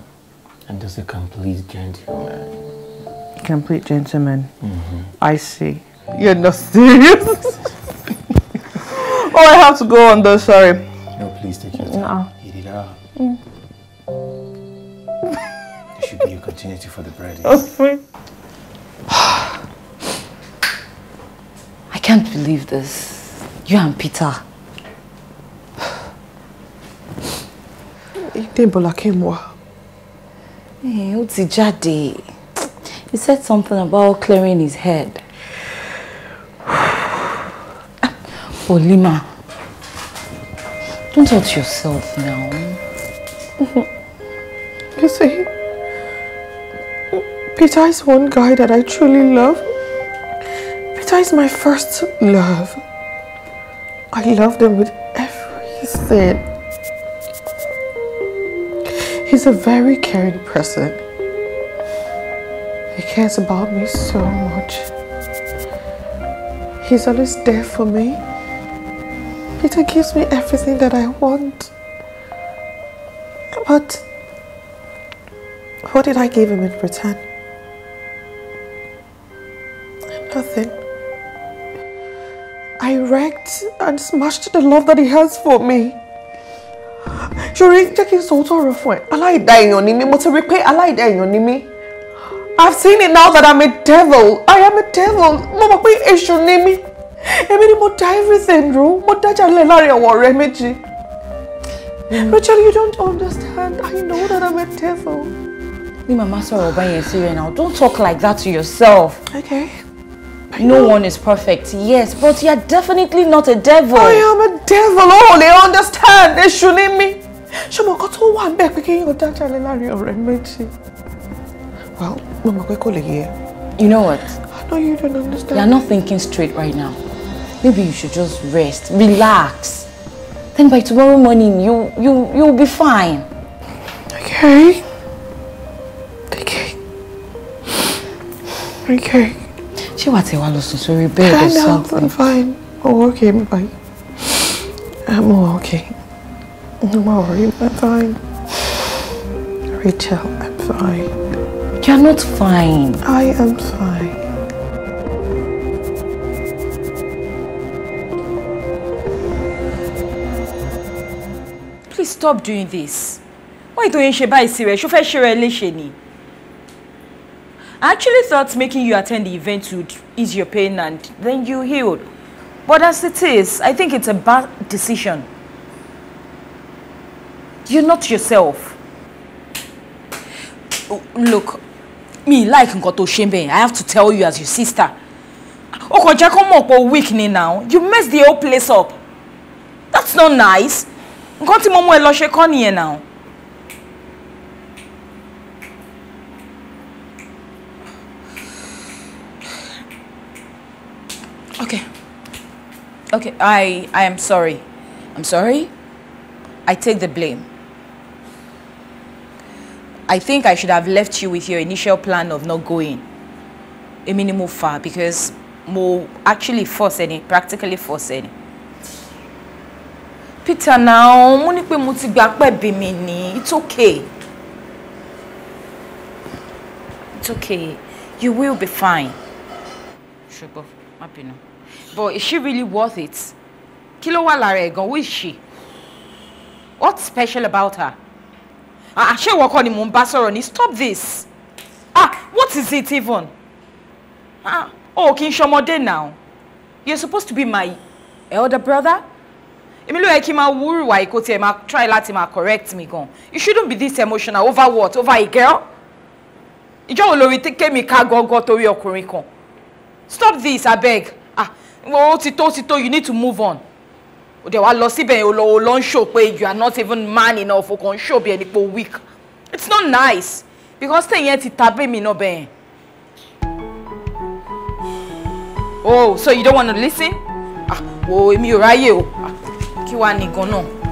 and just a complete gentleman. Complete gentleman. Mm -hmm. I see. You're not serious. (laughs) oh, I have to go on though, sorry. No, please take your time. Uh -uh. Eat it up. Mm. it should be a continuity for the bread. (laughs) Okay. (sighs) I can't believe this. You and Peter. Debola came wá. Eh, ó ti jáde. He said something about clearing his head. (sighs) Olima, don't hurt yourself now. (laughs) You see, Peter is one guy that I truly love. Peter is my first love. I love him with everything. He's a very caring person. He cares about me so much. He's always there for me. Peter gives me everything that I want. But what did I give him in return? Nothing. I wrecked and smashed the love that he has for me. ṣòro jẹ́ kí n sọ òótọ́ ọ̀rọ̀ fún ẹ aláìda èèyàn ni mí mo ti rí pé aláìda èèyàn ni mí I've seen it now that I'm a devil I am a devil mo mọ̀ pé èṣù ni mí èmi ni mo da everything rú mo dájà lẹ̀ láàrin àwọn ọ̀rẹ́ méjì Rachel you don't understand I know that I'm a devil. ní màmá sọ̀rọ̀ ọba yẹn sí rẹ now don't talk like that to yourself. okay. No one is perfect, yes, but you are definitely not a devil. I am a devil. Oh, they understand. They shouldn't me ṣé mo nǹkan tó wà ń bẹ̀ pé kéèyàn dájà lé láàrin ọ̀rẹ́ méjì well mo mọ̀ pé kò lè yẹ. you know what. I know you don't understand. you are not thinking straight right now maybe you should just rest relax then by tomorrow morning you you you'll be fine. okay okay okay. ṣé wàá tẹ̀ wá lọ sùn sórí bẹ́ẹ̀ lọ sọ́ọ̀tì. I'm fine. oh okay bye. I'm okay. I'm alright, I'm fine. Rachel, I'm fine. You're not fine. I am fine. Please stop doing this. Why don't you ṣe báyìí sí rẹ̀? Ṣó fẹ́ ṣe rẹ̀ I actually thought making you attend the event would ease your pain and then you healed. But as it is, I think it's a bad decision. You're not yourself. Look, me like nǹkan to shame bẹ́ẹ̀ I have to tell you as your sister. O kò jẹ́ kó weak ni now. You mess the whole place up. That's not nice. Nǹkan tí mo mú ẹ lọ ṣe kọ́ now. Okay. Okay, I I am sorry. I'm sorry. I take the blame. I think I should have left you with your initial plan of not going. a ni far because mo actually force any practically force any. Peter now mo ní pé by ti gba it's okay. It's okay you will be fine. Ṣùgbọ́n má bínú. But is she really worth it? Kí ló Who is she? What's special about her? àṣé ah, ìwọ walk on him, ń bá stop this ah what is it even ah oh, kì í now you're supposed to be my elder brother èmi ló yẹ kí n máa wúrù wá ikó try let him correct me gan you shouldn't be this emotional over what over a girl ìjọ wo lórí kémi ká go torí ọkùnrin kan stop this I beg. ah o ti tó you need to move on They dẹ̀ wá lọ síbẹ̀ yẹn show pé you are not even man enough For kàn show bí ẹni pé weak it's not nice because tẹ̀yìn yet ti ta bẹ́ẹ̀mì náà bẹ́ẹ̀. oh so you don't want to listen? ah wo èmi ò ráyè o ah, kí wàá nìkan náà.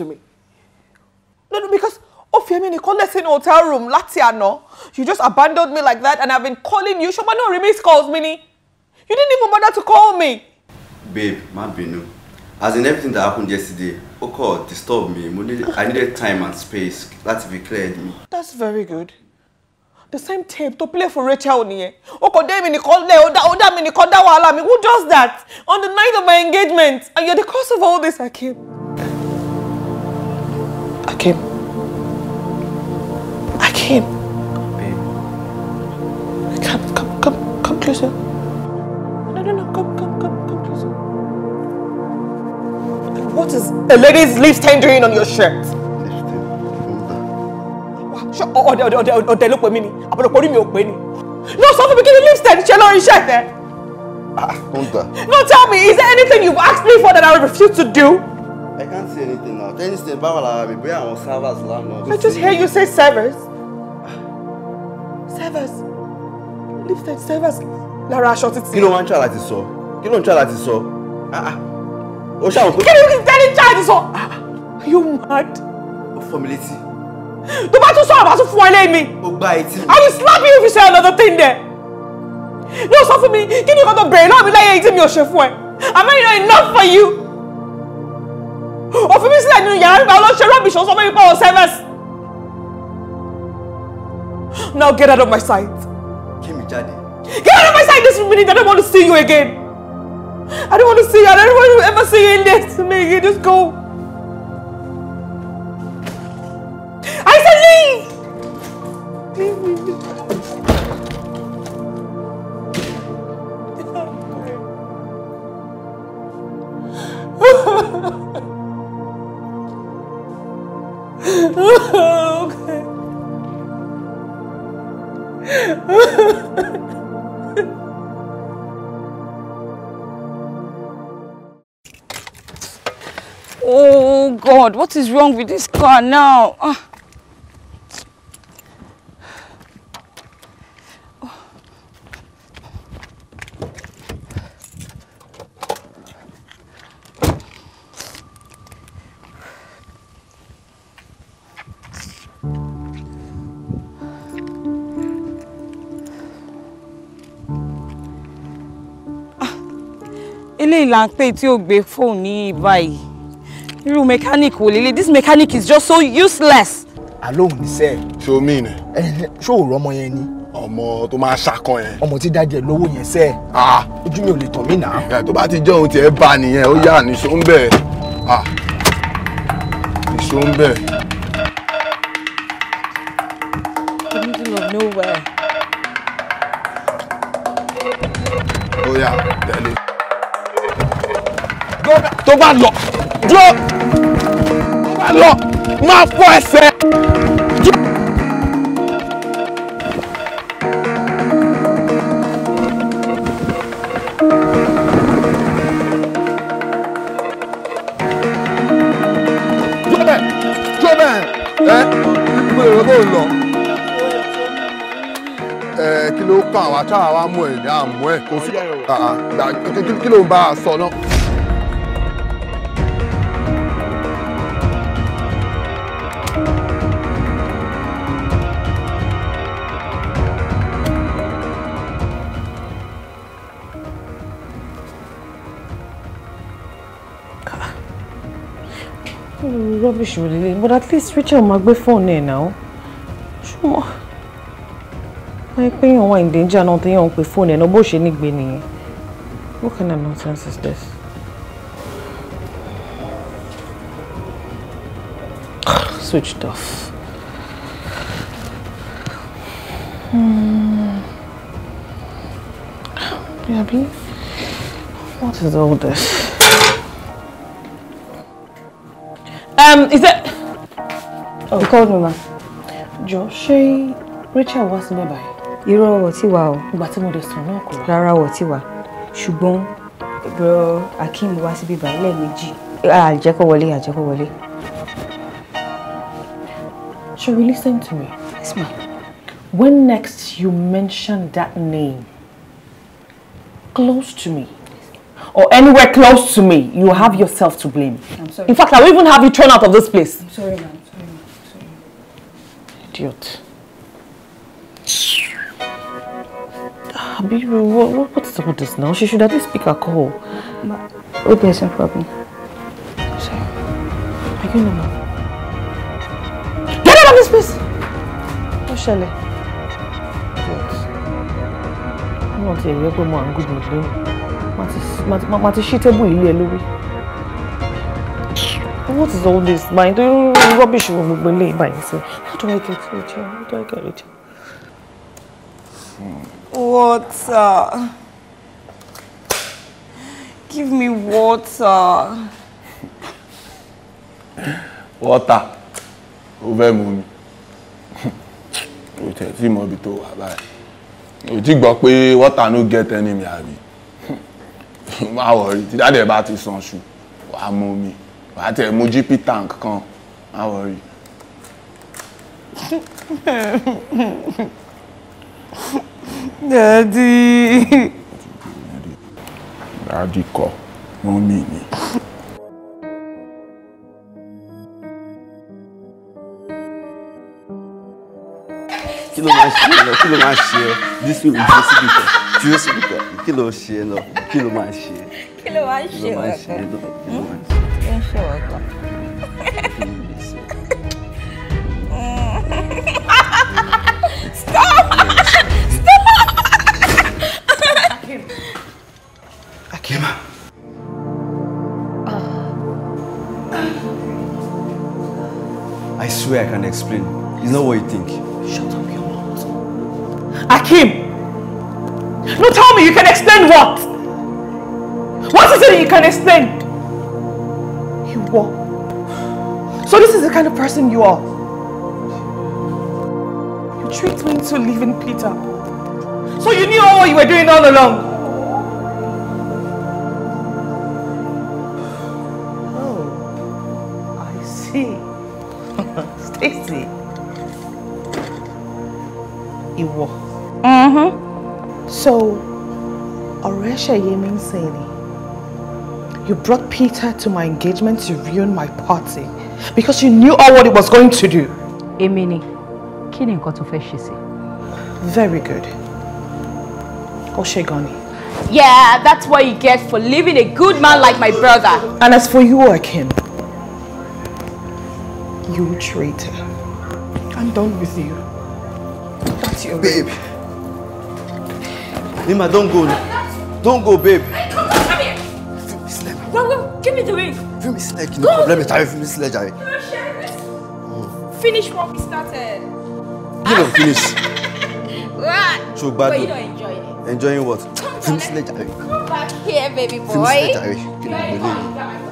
to me. No, no, because oh, You Nicole us in hotel room, Latiano. You just abandoned me like that and I've been calling you. Shoma no remiss calls me You didn't even bother to call me. Babe, my bínú. As in everything that happened yesterday, Oko disturbed me. I needed time and space. Láti be cleared me. That's very good. The same tape to play for Rachel nìyẹn. Oko dé mi nìkan Oda, Oda dá mi nìkan dá wàhálà mi. Who does that? On the night of my engagement, and you're the cause of all this, Akeem. I came. Babe. Come, come, come, come closer. No, no, no, come, come, come, come closer. What is a lady's leaf stain doing on your shirt? oh, ọdẹ ọdẹ ọdẹ ló pè mí ni àbọ̀dọ̀pọ̀ orí mi ò pè ni no sọ fún mi kí ni leaf stain ṣe lórí iṣẹ́ tẹ. no tell me is there anything you've asked me for that I refuse to do. anything now. Anything báwo la mi bóyá àwọn servers lánàá. I just hear you say servers. servers. Lifted servers Lara aṣọ it. You don't want ń ṣá láti sọ? Kí ló ń ṣá láti sọ? Ah, ah. O ṣàwọn pé. Kí ló ń tẹ́lẹ̀ ṣá láti sọ? Ah, Are you mad? O fọ mi létí. Tó bá tún sọ àbá tún fún ọ ilé mi. O gba etí I will slap you if you say another thing there. Ní o sọ fún mi, kí ni nǹkan tó bèrè lọ́wọ́ mi láyé èyí tí mi ò ṣe Am I not enough for you? ó fi mí sílẹ̀ nínú yàrá nígbà olóṣè rọ́bìṣì ó sọ fún mi pé ó service. now get out of my sight. kí mi jáde. get out of my sight this minute I don't want to see you again. I don't want to see you I don't want to ever see you in this minute just go. I said leave. me. Ha ha ha. (laughs) oh God, what is wrong with this car now? Ah. eléyìí là ń pè tí ò gbé fóònù ní báyìí irú mechanic wò lélẹ̀ this mechanic is just so useless. àlóhùn ní sẹ́ẹ̀. ṣé o mean. ṣé òòrọ̀ ọmọ yẹn ni. ọmọ tó máa ṣàkàn yẹn. ọmọ tí dájẹ lówó yẹn sẹ́ẹ̀. ojú mi ò lè tàn mí nà. tó bá ti jẹ́ ohun tiẹ̀ bá nìyẹn ó yà níṣó ń bẹ̀ níṣó ń tó bá lọ dúró tó bá lọ máa fọ ẹsẹ̀. kí ló kàn wá tá a wá mú ẹ̀ dá a mú ẹ̀ kó sí ah, ah, kí ló ń bá a sọ náà. rubbish really. But at least Richard máa gbé phone ẹ̀ now. Ṣùgbọ́n wọ́n yẹ pé èèyàn wà in danger náà téèyàn ń pe phone ẹ̀ náà bó ṣe nígbè nìyẹn. What kind of nonsense is this? (sighs) Switched off. Hmm. Yeah, What is all this? Um, is that? Oh. You called me, ma. Jọ, ṣé Rachel wá sílẹ̀ báyìí? Irọ́ wọ̀ tí wà o. Ìgbà tí mo dẹ̀ sùn náà kò wá. Rárá wọ̀ tí wà. Ṣùgbọ́n bro Akeem wá síbí báyìí lẹ́ẹ̀mejì. Àjẹkọ̀ wọlé, àjẹkọ̀ wọlé. Should you listen to me? Yes, ma. When next you mention that name, close to me or anywhere close to me, you have yourself to blame. I'm sorry. In fact, I will even have you thrown out of this place. I'm sorry, ma'am. Sorry, ma'am. Idiot. Abiru, what, what, is all this now? She should at least pick a call. Ma, okay, oh, it's no problem. Sorry. Are you normal? Get out of this place! Oh, Shelley. What? I'm not saying you're going to good mood, though màá ti ṣí What is all this? My rubbish will be belayed by itself. How do I get it How do I get it Water. Give me water. Water. Over moon. mu mi. O tẹ̀ tí mo You tó wà báyìí. O ti gbọ́ pé water no get enemy àbí má wọrí tí dáadé bá ti san ṣù wàá mú mi wàá tẹ̀ mú gp tank kan má wọrí. dadi. dadi kọ mọ́mì ni. Kilo ló máa ń ṣe lọ kí ló máa ń ṣe ọ dísù ìdúró síbi kan dúró síbi kan kí ló ṣe lọ kí ló máa ṣe kí ló ṣe Stop! Stop! Akima. I swear I can explain. It's not what you think. Shut up. Akim, no, tell me, you can explain what? What is it you can explain? You what? So this is the kind of person you are. You treat me into leaving Peter. So you knew all you were doing all along. Oh, I see. (laughs) Stacy. Mm-hmm. So, Oresha Yemin Seni, you brought Peter to my engagement to ruin my party because you knew all what it was going to do. Èmi ni, kí tó fẹ́ Very good. Oshegoni. Yeah, that's what you get for leaving a good man like my brother. And as for you, Akim, you traitor. I'm done with you. That's your baby. Nima, don't go. Don't go, babe. come back, come here. me Go, go, give me the ring. Feel me sledge. No go. problem, Jare. Feel me sledge, Jare. Oh. Finish what we started. You don't finish. what? (laughs) So bad. But you don't enjoy it. Enjoying what? Come, Feel me sledge, Come back here, baby boy. Feel me sledge, Come back here.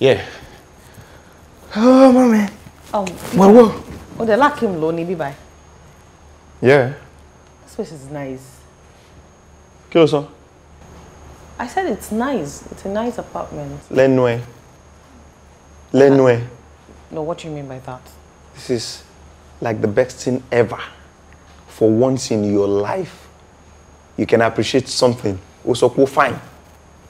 Yeah. Oh, my man. Oh, whoa, whoa. Oh, they lack him lonely, be by. Yeah. This place is nice. Kí ló I said it's nice. It's a nice apartment. Lenwe. Lenwe. No, what do you mean by that? This is like the best thing ever. For once in your life, you can appreciate something. Ó sọ fine.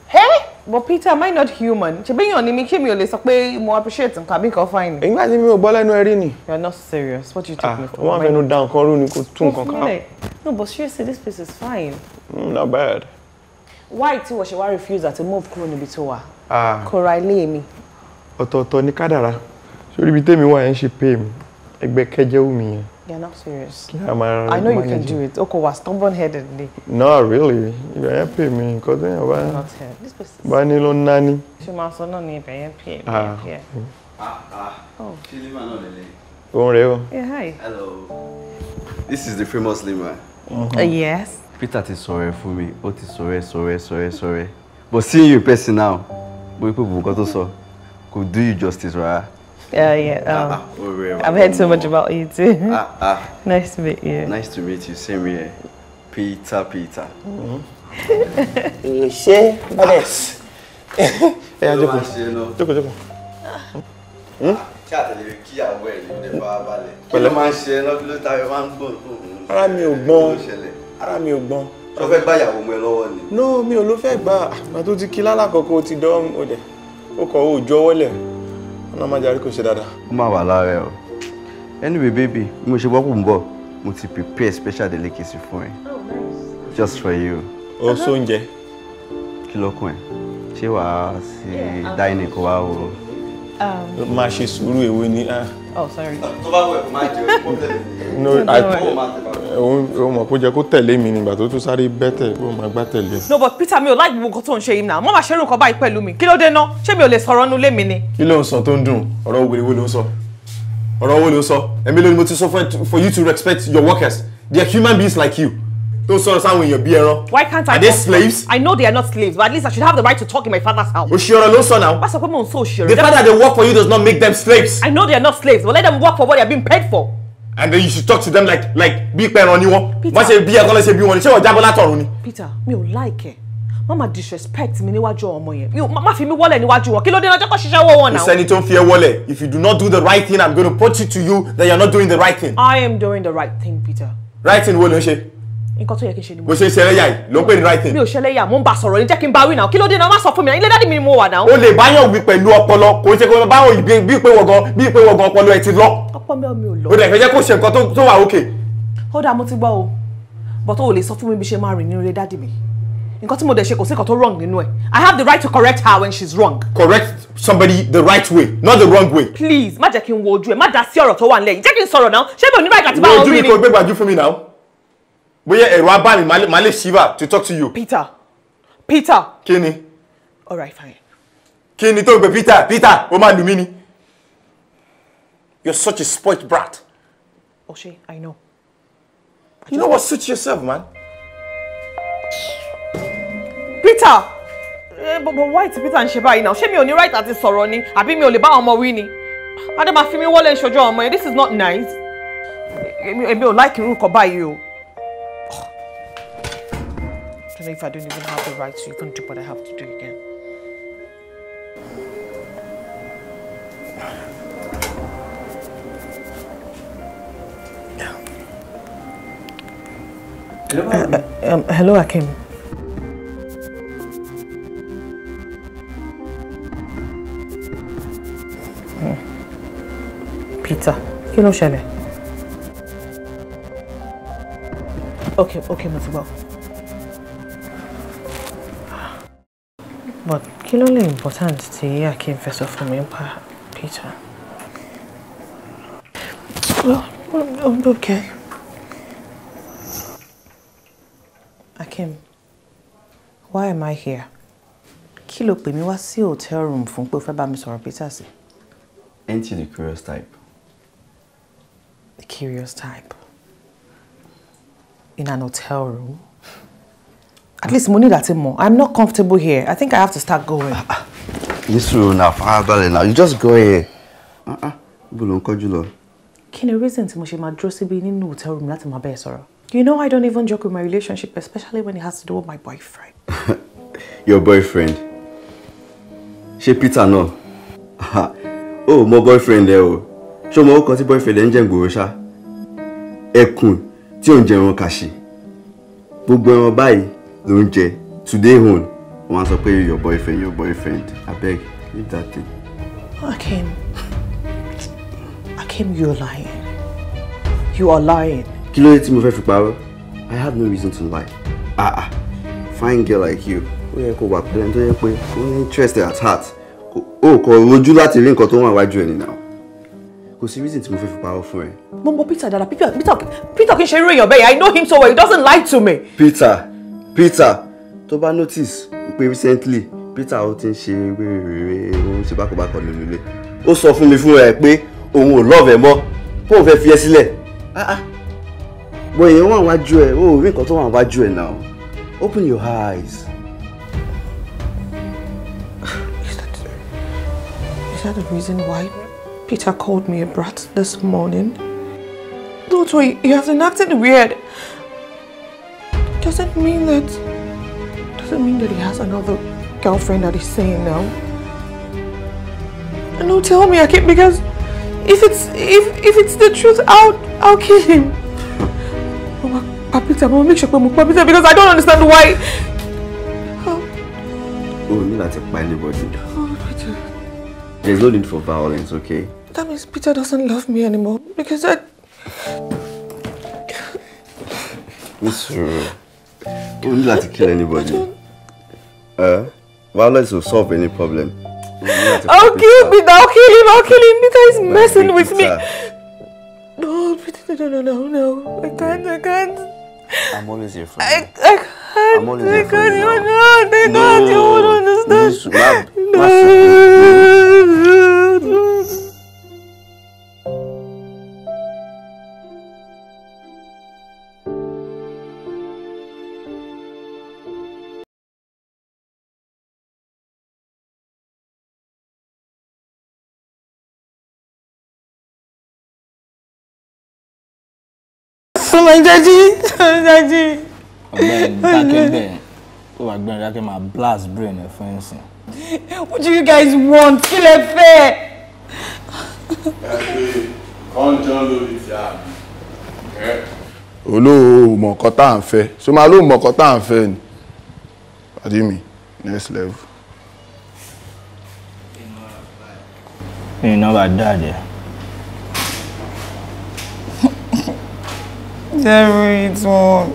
Hey! but Peter am I not human ṣe bẹ́yàn ni mi kí mi ò lè sọ pé mo appreciate nǹkan àbí nǹkan fine. ìgbà tí mi ò gbọ́ lẹ́nu ẹrí ni. you are not serious what do you take ah, me for. wọ́n á fẹnu da nǹkan rú ni kò tún nǹkan ká. no but seriously this place is fine. Mm, not bad. why tí wọ́n ṣe wá refuse àti move kúrò níbi tó wà. Ah. kóra ilé mi. ọ̀tọ̀ọ̀tọ̀ ni kádàrá sórí ibi tèmi wà ẹ̀ ń ṣe pay mi ẹgbẹ́ kẹjẹ́ wù mí yẹn You're not serious. Yeah, my I know manager. you can do it. Oko was stubborn headedly. No, really. You're happy me. Because then you're not here. This person. Why Nilo Nani? She must not need a MP. Ah. Yeah. Ah, ah. Oh. Oh, Yeah, hi. Hello. This is the famous Lima. Mm -hmm. uh, yes. Peter ti sorry for me. Oh, ti sorry, sorry, sorry, sorry. But seeing you in person now, we people got to so could do you justice, right? Yeah, yeah. Ah, um, ah, oh, really, I've heard so much about you too. Ah, ah. (laughs) nice to meet you. Nice to meet you. Same here. Peter, Peter. Mm-hmm. (laughs) Ah. Hmm? Ṣé Alex? Ẹ yà jókòó. Jókòó jókòó. Ṣé àtẹ̀lé kí àwọn ẹ̀ lè bá a balẹ̀? Pẹ̀lú máa ń ṣe ẹná ló ta máa ń gbọ̀n. Ara mi ò gbọ́n. Ara mi ò gbọ́n. Ṣé o mọ́ ẹ lọ́wọ́ ni? No, mi ò ló fẹ́ gbà. Àgbà tó ti kí lálàkọ̀kọ̀ ti dán o dẹ̀. kọ̀ o jọ̀wọ́ náà má jarí kò ṣe dáadáa. ó máa wà lára ẹ o anyway baby bí mo ṣe gbọ́kùn ń bọ̀ mo ti prepare special delicacy fún ẹ just for you. o sóúnjẹ. kí ló kún ẹ ṣé wàá sí dining kó wá o máa um, ṣe sùúrù èwe ni. Ah. oh sorry. tó bá wẹ̀ kó má jẹ́ kó tẹ̀lé. o mọ̀ kó jẹ́ kó tẹ̀lé mi nígbà tó tún sáré bẹ́tẹ̀ kó máa gbá tẹ̀lé. no but Peter mi ò láì gbogbo nǹkan tó ń ṣe yìí náà mo máa ṣerú nǹkan báyìí pẹ̀lú mi kí ló dé ná ṣé mi ò lè sọ̀rọ̀ nulẹ̀ mi ni. kí ló ń sọ tó ń dùn ọ̀rọ̀ wèrè wo ló ń sọ ọ̀rọ̀ wo ló ń sọ èmi ló mo ti sọ for you to respect your workers they are human beings like you tó sọ̀rọ̀ sáwọn èèyàn bíi ẹran. why can't I are they slaves. i know they are not slaves but at least i should have the right to talk in my father's house. òṣèré ló sọ náà. wàá sọ pé mò ń sọ òṣèré. the fact that they work for you does not make them slaves. i know they are not slaves but let them work for what they are being paid for. and then you should talk to them like like bí pẹran ni wọn. má ṣe bí ẹkọ lẹsẹ bí wọn ni ṣé wọn jábọ látọ̀run ni. peter mi ò like ẹ mama disrespect mi níwájú ọmọ yẹn má fi mi wọlẹ̀ níwájú wọn kí ló dé lọ́jọ́ kó ṣiṣẹ́ owó wọn náà. ìsẹ́ni tó ń fi ẹ wọlẹ̀ if you do not do the right thing i'm gonna put it to you that you are not doing the right thing. i am doing the right thing peter. right thing wo ló ń ṣe nǹkan tó yẹ kí n ṣe ni mo. mo ṣe ṣẹlẹ́yà yìí ló ń pè ní right thing. mi ò ṣẹlẹ́yà mo ń bá sọ̀rọ̀ ní jẹ́ kí n bá wí náà kí ló dé náà má sọ fún mi náà ilé dádì mi ni mo wà náà. o lè báyọ̀ wí pẹ̀lú ọpọlọ kò ń ṣe kó báwọn ìbí bí pé wọ̀gàn bí pé wọ̀gàn ọpọlọ ẹ ti lọ. ọpọlọ mi ò lọ. o dẹ̀ fẹ́ jẹ́ kó ṣe nǹkan tó wà òkè. ó mo ti gbọ́ o but o lè sọ fún mi bí ṣe máa rìn nínú ilé dádì mi nǹkan tí mo dẹ̀ wrong nínú ẹ̀ I have the right to correct her when she's wrong. correct somebody the right way not the wrong way. please má jẹ́ kí n wo ojú ẹ má dá sí ọ̀rọ̀ tó wà nílẹ̀ yìí jẹ́ kí n sọ̀rọ̀ náà ṣé mi ò ní báyìí bóyá ẹ̀rọ abáni máa lè shiva to talk to you. Peter Peter. kí ni. all right fine. kí ni tó ń pè Peter Peter ó máa lù mí ni. you're such a spoilt brat. Oshe, I know. I you know what? suits yourself, man. Peter! Eh, but, but why ti Peter ń ṣe báyìí now? Ṣé mi ò ní right àti sọ̀rọ̀ ni? Àbí mi ò lè bá ọmọ wí ni? Adé máa fi mí wọlé ìṣojú ọmọ yẹn. This is not nice. Èmi ò like irú nǹkan báyìí o. even if I don't even have the right you can do what I have to do again. Hello, uh, uh um, hello Akim. Hmm. Peter, kí ló ṣẹlẹ̀? Okay, okay, mo Well. kí ló lè important tí akin fẹ́ sọ fún mi pa Peter. well i'm okay. akim why am i here kí ló pè mí wá sí hotel room fún pé o fẹ́ bá mi sọ̀rọ̀ Peter sí. ain't you the curious type. the curious type in an hotel room at least money. ní more. i'm not comfortable here i think i have to start going. This ah, ah. yíṣu na farabalẹ̀ Now you just go here Uh uh. ń kọjú lọ. kí ni reason tí mo ṣe máa dúró hotel room That's my best, or? you know i don't even joke with my relationship especially when it has to do with my boyfriend. (laughs) your boyfriend She peter no. Oh, o ò mọ boyfriend there. Oh, show o mọ boyfriend ẹ ń jẹ́ gbòòrò ṣá ẹkùn tí ò ń jẹun kàṣì gbogbo lóúnjẹ today own wọn á sọ pé your boyfriend your boyfriend abeg leave that thing. Akim Akim you are lying you are lying. kí ló dé tí mo fẹ́ fi parọ́ I have no reason to lie ah ah fine girl like you ó yẹ kó wà pẹ́lẹ́ tó yẹ pé ó ní interest at heart ó kò rojú láti rí nǹkan tó wà wájú ẹ̀ nìyàwó kò sí reason tí mo fẹ́ fi parọ́ fún ẹ. mo mọ Peter dada Peter Peter kì í ṣe irú èèyàn bẹ́ẹ̀ I know him so well he doesn't lie to me. Peter Peter tó bá notice pé recently Peter ó ti ń ṣe wéèrè ó ń ṣe bákọ̀bákọ̀ nínú ilé ó sọ fún mi fún ẹ pé òun ò lọ́ọ̀fẹ́ mọ́ kó o fẹ́ fi ah, ah. ẹ sílẹ̀ bóyá wọn wá ju ẹ o rí nǹkan tó wà wá ju ẹ now open your eyes. (sighs) Is that, the reason why Peter called me a brat this morning? Don't worry, he hasn't acted weird. doesn't mean that doesn't mean that he has another girlfriend that he's saying now. And don't tell me I can't because if it's if if it's the truth, I'll I'll kill him. I'm gonna make sure Mama, Papita, because I don't understand why. Oh, you not to by anybody. Oh, There's no need for violence, okay? That means Peter doesn't love me anymore because I. It's true don't like to kill anybody eh? violence will solve any problem. I'll kill him I'll kill him I'll kill him Peter is messing with me. No, Peter, no, no, no, no. I can't, I can't. I'm always your friend. I, I can't. I'm always I your friend. Can't. You, no, they no, don't. You won't understand. No. ọmọ ìjẹ́jí ọmọ ìjẹ́jí. ọgbẹ́ni dákẹ́bẹ̀ ó wàá gbẹ́ni dákẹ́ máa blast brain ẹ̀ fún ẹ̀sìn. what do you guys want kí lẹ fẹ́. ẹ pé kọ́ńjọ́ lórí ti àmì olóò mọ̀kọ́ tá à ń fẹ́ so máa lóò mọ̀kọ́ tá à ń fẹ́ ni pàdé mi next level. ìnáwó àdáàdì. zero eight one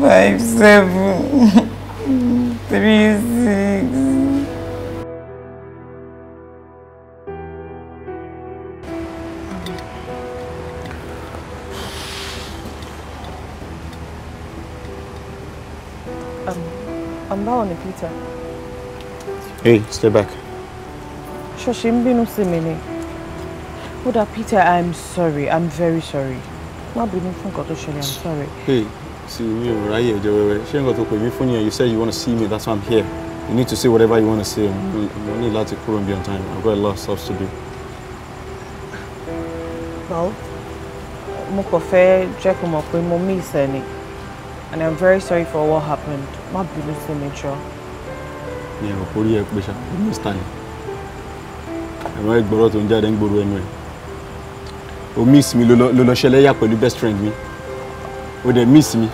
five seven (laughs) three six. Um, I'm not on the pizza. Hey, stay back. Ṣọ̀ṣì ń bínú sí kódà Peter I'm sorry I'm very sorry má bínú fún nǹkan tó ṣẹlẹ̀ I'm sorry. hey see mi ò ráyè ẹjọ́ wẹ́wẹ́ ṣé nǹkan tó pè you said you want to see me that's why I'm here you need to say whatever you want to say mo ní láti to bí on time I've got a lot of stuff to do. well mo kàn fẹ́ jẹ́ kó miss ẹ and I'm very sorry for what happened má business sí mi jọ. mi ò kórìí ẹ pé ṣá mi ò ní stan ẹ ẹ̀rọ ẹgbọ́rọ̀ tó ń o miss mi ló lọ ṣẹlẹ̀ yà pẹ̀lú best friend mi o dẹ̀ miss mi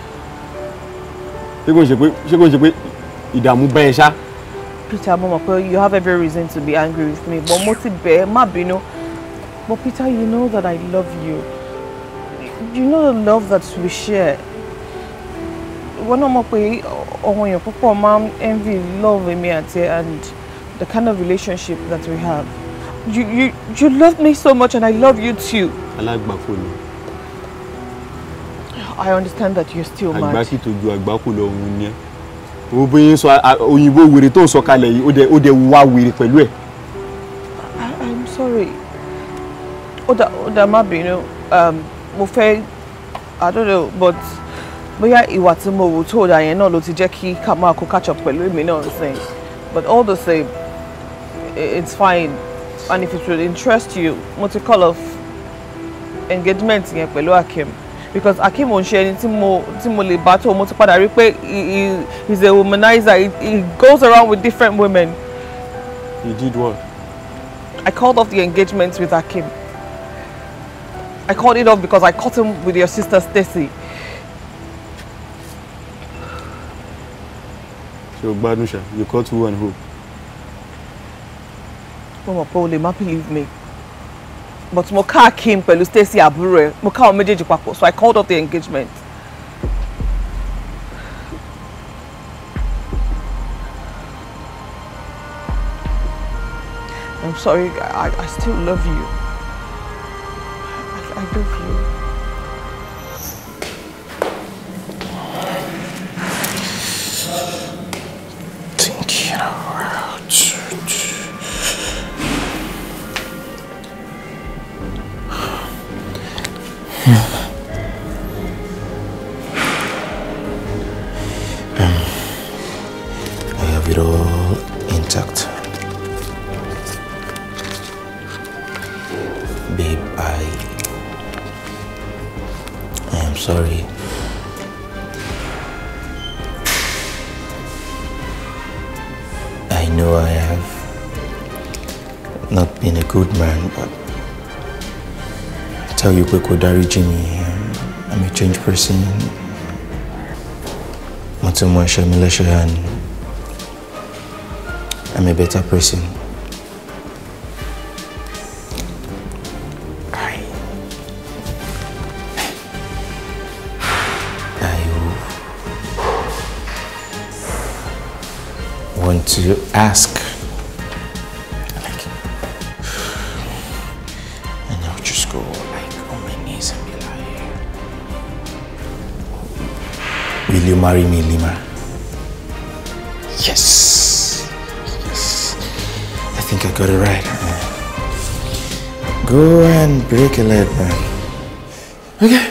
ṣé kò ń ṣe pé ṣé kò ń ṣe pé ìdààmú bá ṣá. Peter mo mọ̀ pé you have every reason to be angry with me but mo ti bẹ̀ ẹ́ má bínú but Peter you know that I love you you know the love that we share ìwọ náà mọ̀ pé ọ̀hún èèyàn púpọ̀ máa ń envy love èmi àti and the kind of relationship that we have you you you love me so much and I love you too alágbàkó ni. I understand that you're still mad. àgbákì tó ju àgbákò lọ òun ni ẹ o sọ òyìnbó wèrè tó ń sọ kalẹ̀ yìí ó dẹ̀ wá wèrè pẹ̀lú ẹ̀. I'm sorry ó dá má bínú um, mo fẹ́ I don't know but bóyá ìwà tí mo wò tó dà yẹn náà ló ti jẹ́ kí ká máa kó catch up pẹ̀lú èmi náà sẹ́yìn but all the same it's fine and if it will interest you mo ti call off engagement yẹn pẹ̀lú Akim because Akim ò ń ṣe ẹni tí mo tí mo lè bá tó mo ti padà rí pé he is a womanizer he, he goes around with different women. He did what? I called off the engagement with Akim. I called it off because I caught him with your sister Stacy. So Badusha, you caught who and who? Mama Paul, they might believe me but mo ká Akeem pẹ̀lú Stacy àbúrò ẹ̀ mo ká àwọn so I called off the engagement. I'm sorry, I, I still love you. I, I love you. kò dáríjì i'm a changed person mo ti mọ ẹ̀ṣẹ̀ mi i'm a better person. to ask marry me in Lima. Yes. Yes. I think I got it right. Go and break a leg, man. Okay.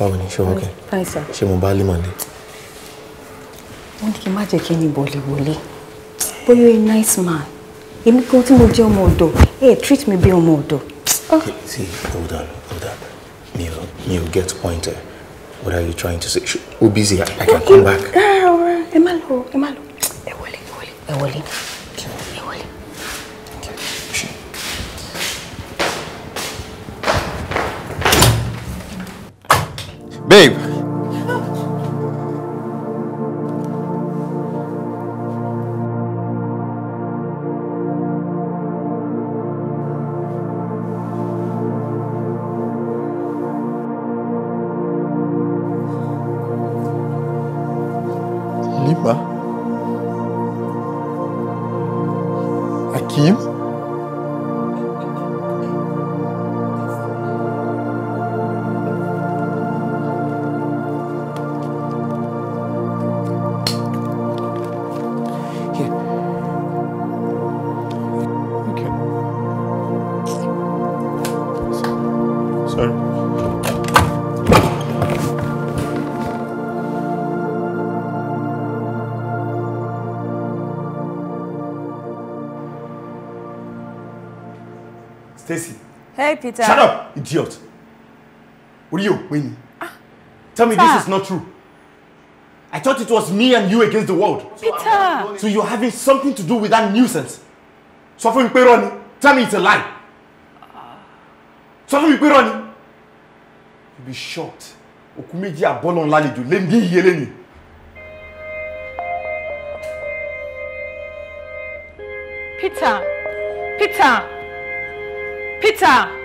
Báwo ni ṣe wọ́n kẹ́? Fine sir. Ṣé mo bá Lima lé? Wọ́n ní kí n má jẹ́ kí ẹni bọ̀lẹ̀ wọlé. Bóyá a nice man. Èmi kan tí mo jẹ́ ọmọ ọ̀dọ̀, ẹ treat me bí ọmọ ọ̀dọ̀. See, hold on, hold on. Mi ò mi ò get pointer. Eh? What are you trying to say? Should, busy. I, I can come back. Ah, emalo, má lọ, ẹ má Hey, Peter. Shut up, idiot. Orí ò pé ah, Tell me Sir. this is not true. I thought it was me and you against the world. Peter. So you're having something to do with that nuisance. Sọ fún mi pé Tell me it's a lie. Sọ fún mi pé You'll be shocked. Òkú méjì àbọ́lọ̀ ńlá lejò lé ní iye lẹ́nu. Peter. Peter. Peter.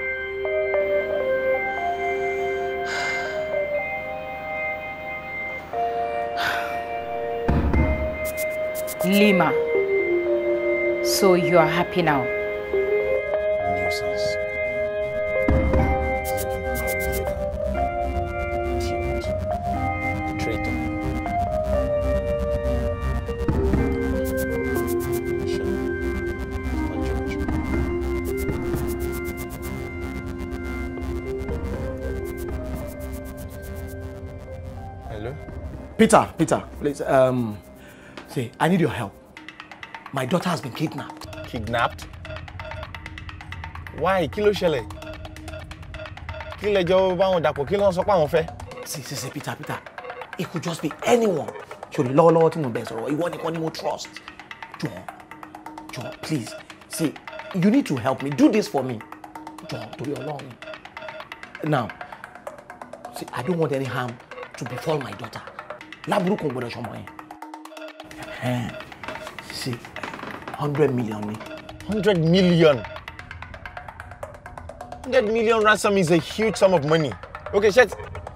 Lima. So you are happy now. Nuisance. Peter, Peter, please. Um, Say, I need your help. My daughter has been kidnapped. Kidnapped? Why? Kilo Shelley? Kilo, Kí lẹjọ́ báwọn dàpọ̀ kí ló See, see, see, Peter, Peter, it could just be anyone. Ṣòrí lọ́wọ́lọ́wọ́ tí mo bẹ̀ sọ̀rọ̀, ìwọ want ni mo trust. Jọ̀ọ́, jọ̀ọ́, please, see, you need to help me, do this for me. Jọ̀ọ́, Do your mi. Now, see, I don't want any harm to befall my daughter. La kò gbọdọ̀ ṣọmọ yẹn ṣe hundred million ni. hundred million hundred million ransom is a huge sum of money. okay ṣe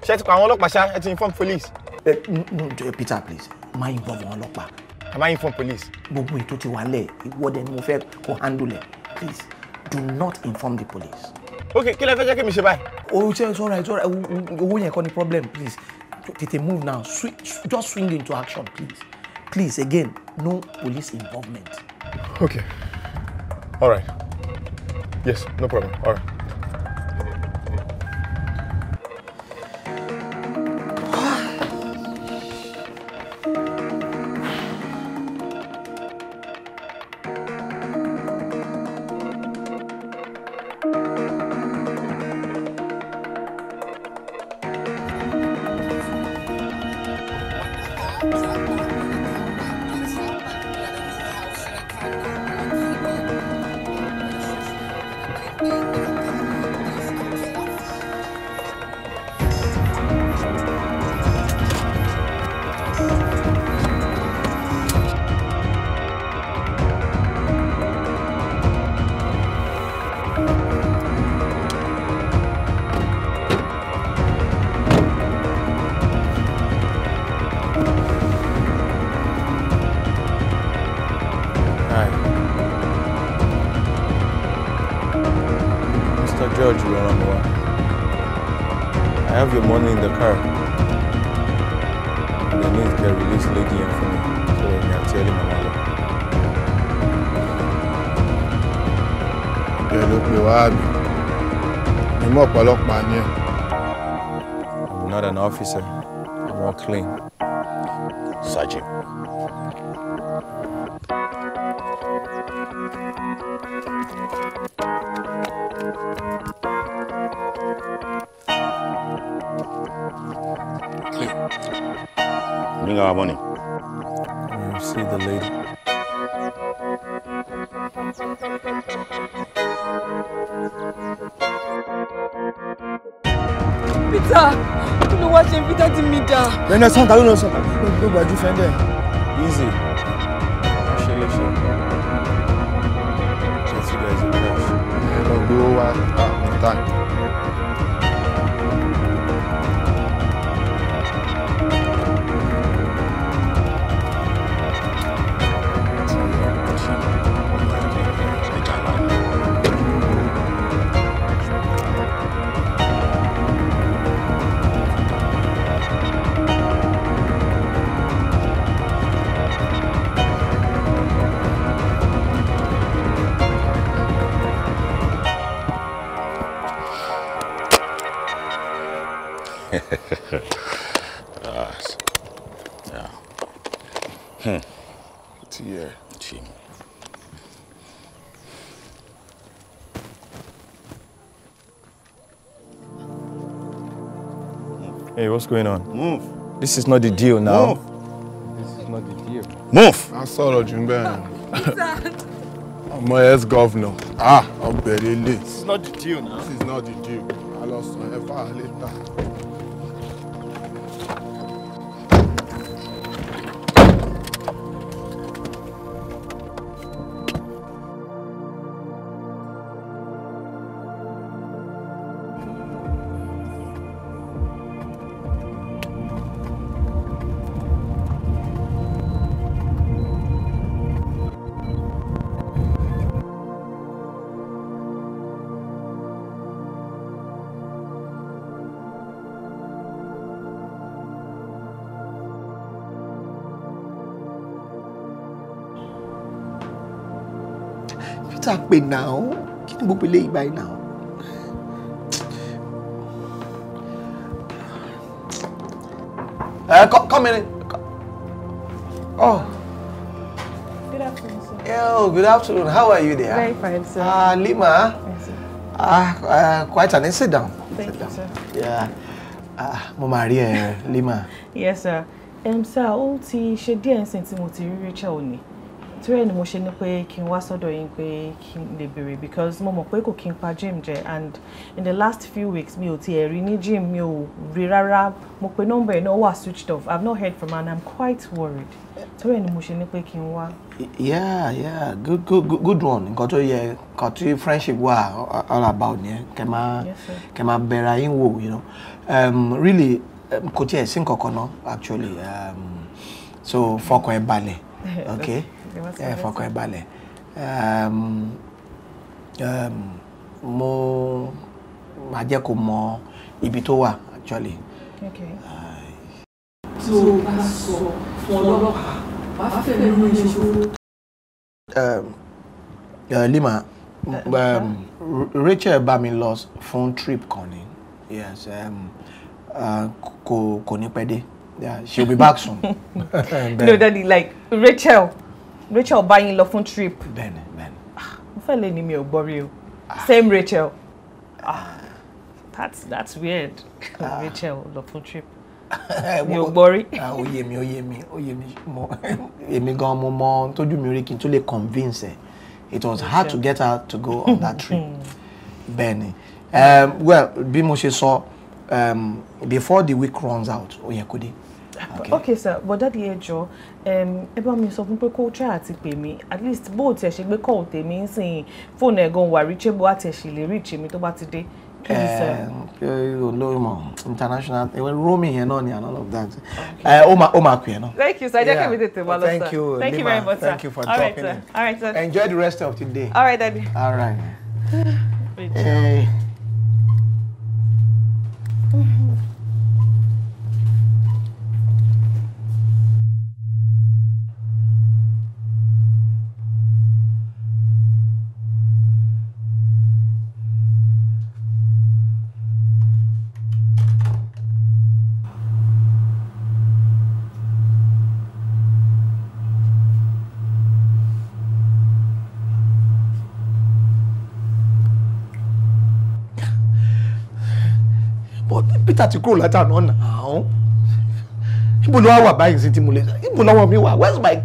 ṣe ti pa àwọn ọlọ́pàá inform police. no Peter please má inform àwọn ọlọ́pàá. ẹ má inform police. gbogbo ètò ti wà lẹ̀ ìwọ́dẹ ni mo fẹ́ kó handle it. please do not inform the police. okay kí lẹ fẹ́ jẹ́ kí mi ṣe báyìí. o ṣe sọ́ra ẹ̀ sọ́ra owó yẹn kọ́ ni problem please tètè move now Swi just swing into action please. Please, again, no police involvement. Okay. All right. Yes, no problem. All right. ẹ̀nà sọ́ńtà ló lọ sọ ló gbàjú fẹ́ńdẹ̀. Hey, what's going on? Move. This is not the deal now. Move. This is not the deal. Move. I saw the Jumbe. I'm my ex-governor. Ah, I'm very late. This is not the deal now. This is not the deal. I lost my FR later. àpè náà kí ni gbogbo eléyìí báyìí náà. Uh, eh, come, come in. Oh. Good afternoon, sir. Oh, good afternoon. How are you there? Very fine, sir. Ah, uh, Lima. Yes, sir. Ah, uh, uh, quite an. Sit down. Thank Sit you, sir. Yeah. Ah, mo Lima. Yes, sir. Um, sir, ó ti ṣe díẹ̀ ńsìn tí mo ti rí Rachel òní torí ẹ̀ ni mo ṣe ní pé kí n wá sọ́dọ̀ yín pé kí n lè béèrè because mo mọ̀ pé kò kí n pa gym jẹ and in the last few weeks mi ò tiẹ̀ rí ní gym mi ò rí rárá mo pe nọ́mbà ẹ̀ náà wà switched off I've not heard from her and I'm quite worried torí ẹ̀ ni mo ṣe ní pé kí n wá. yeah yeah good good good one nǹkan tó yẹ nǹkan tí friendship wà all about yẹn kẹ máa kẹ máa bẹ̀rẹ̀ ayé wò you know um, really um, kò tiẹ̀ sí nǹkan kan náà actually um, so fọkàn ẹ balẹ̀ (laughs) okay ẹ fọkàn ẹ balẹ̀ mo máa jẹ́ kó mọ ibi tó wà actually. tó o bá sọ fún ọlọ́pàá wàá fẹ́ mi ló Lima um, Rachel bá mi lọ fún trip kan ni yes kò kò ní pẹ́ dé she'll be back soon. (laughs) (laughs) no daddy like Rachel. Rachel bá yín lọ fún trip. bẹ́ẹ̀ni bẹ́ẹ̀ni. Ah, mo fẹ́ lè ní mi ò gbọ́ o same Rachel ah that's that's weird ah. Rachel lọ fún trip (laughs) mi ò gbọ́ rí. ó ah, yé mi ó yé mi ó yé mi mo èmi gan mo mọ ohun tójú mi rí kí n tó lè convince ẹ it was hard to get her to go on that trip (laughs) hmm. bẹ́ẹ̀ni um, well bí mo ṣe sọ um, before the week runs out ó yẹ kó dé okay, sir but dáàdi ẹ jọ ẹ bá mi sọ fún pé kó try àti pè mí at least bó o tiẹ̀ ṣe gbé kọ́ ò tèmi ń sìn fóònù ẹ̀gan wà rí chébù àti ẹ̀ṣì lè rí ìchèmí tó bá ti dé. olórí mọ international roaming yẹn náà ni and all of that ó máa pè é náà. thank you sir ẹ mi tètè wá lọ sir thank you thank you sir thank you for all dropping right, in all right sir enjoy the rest of the day. all right daddy. all right. (laughs) hey. ti kúrò látàná náà ibo ló wá wà báyìí sí ti mo lè ibo lọ́wọ́ mi wà where's my.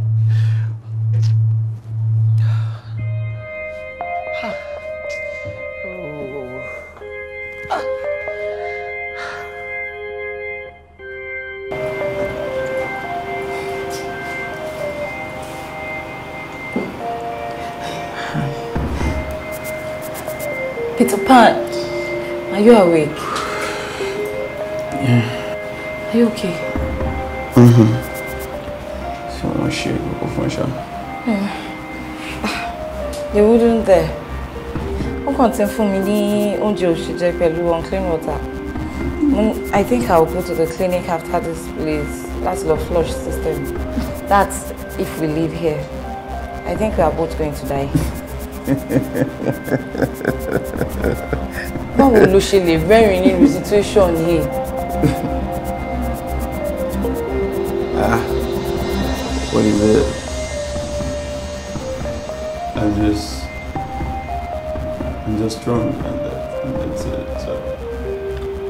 Peter Pan, are you awake? Yeah. Are you okay? Mm-hmm. Someone should go for hmm. a sha. They wouldn't there. Wọ́n kàn ti fún mi ní oúnjẹ òṣìjẹ pẹ̀lú unclean water. I think I'll go to the clinic after this place. That's the flush system. That's if we live here. I think we are both going to die. (laughs) Báwo ló ṣe lè rẹ́rìn nínú situation here. ah, what is it? I'm just, I'm just drunk and, that, and that's it. So.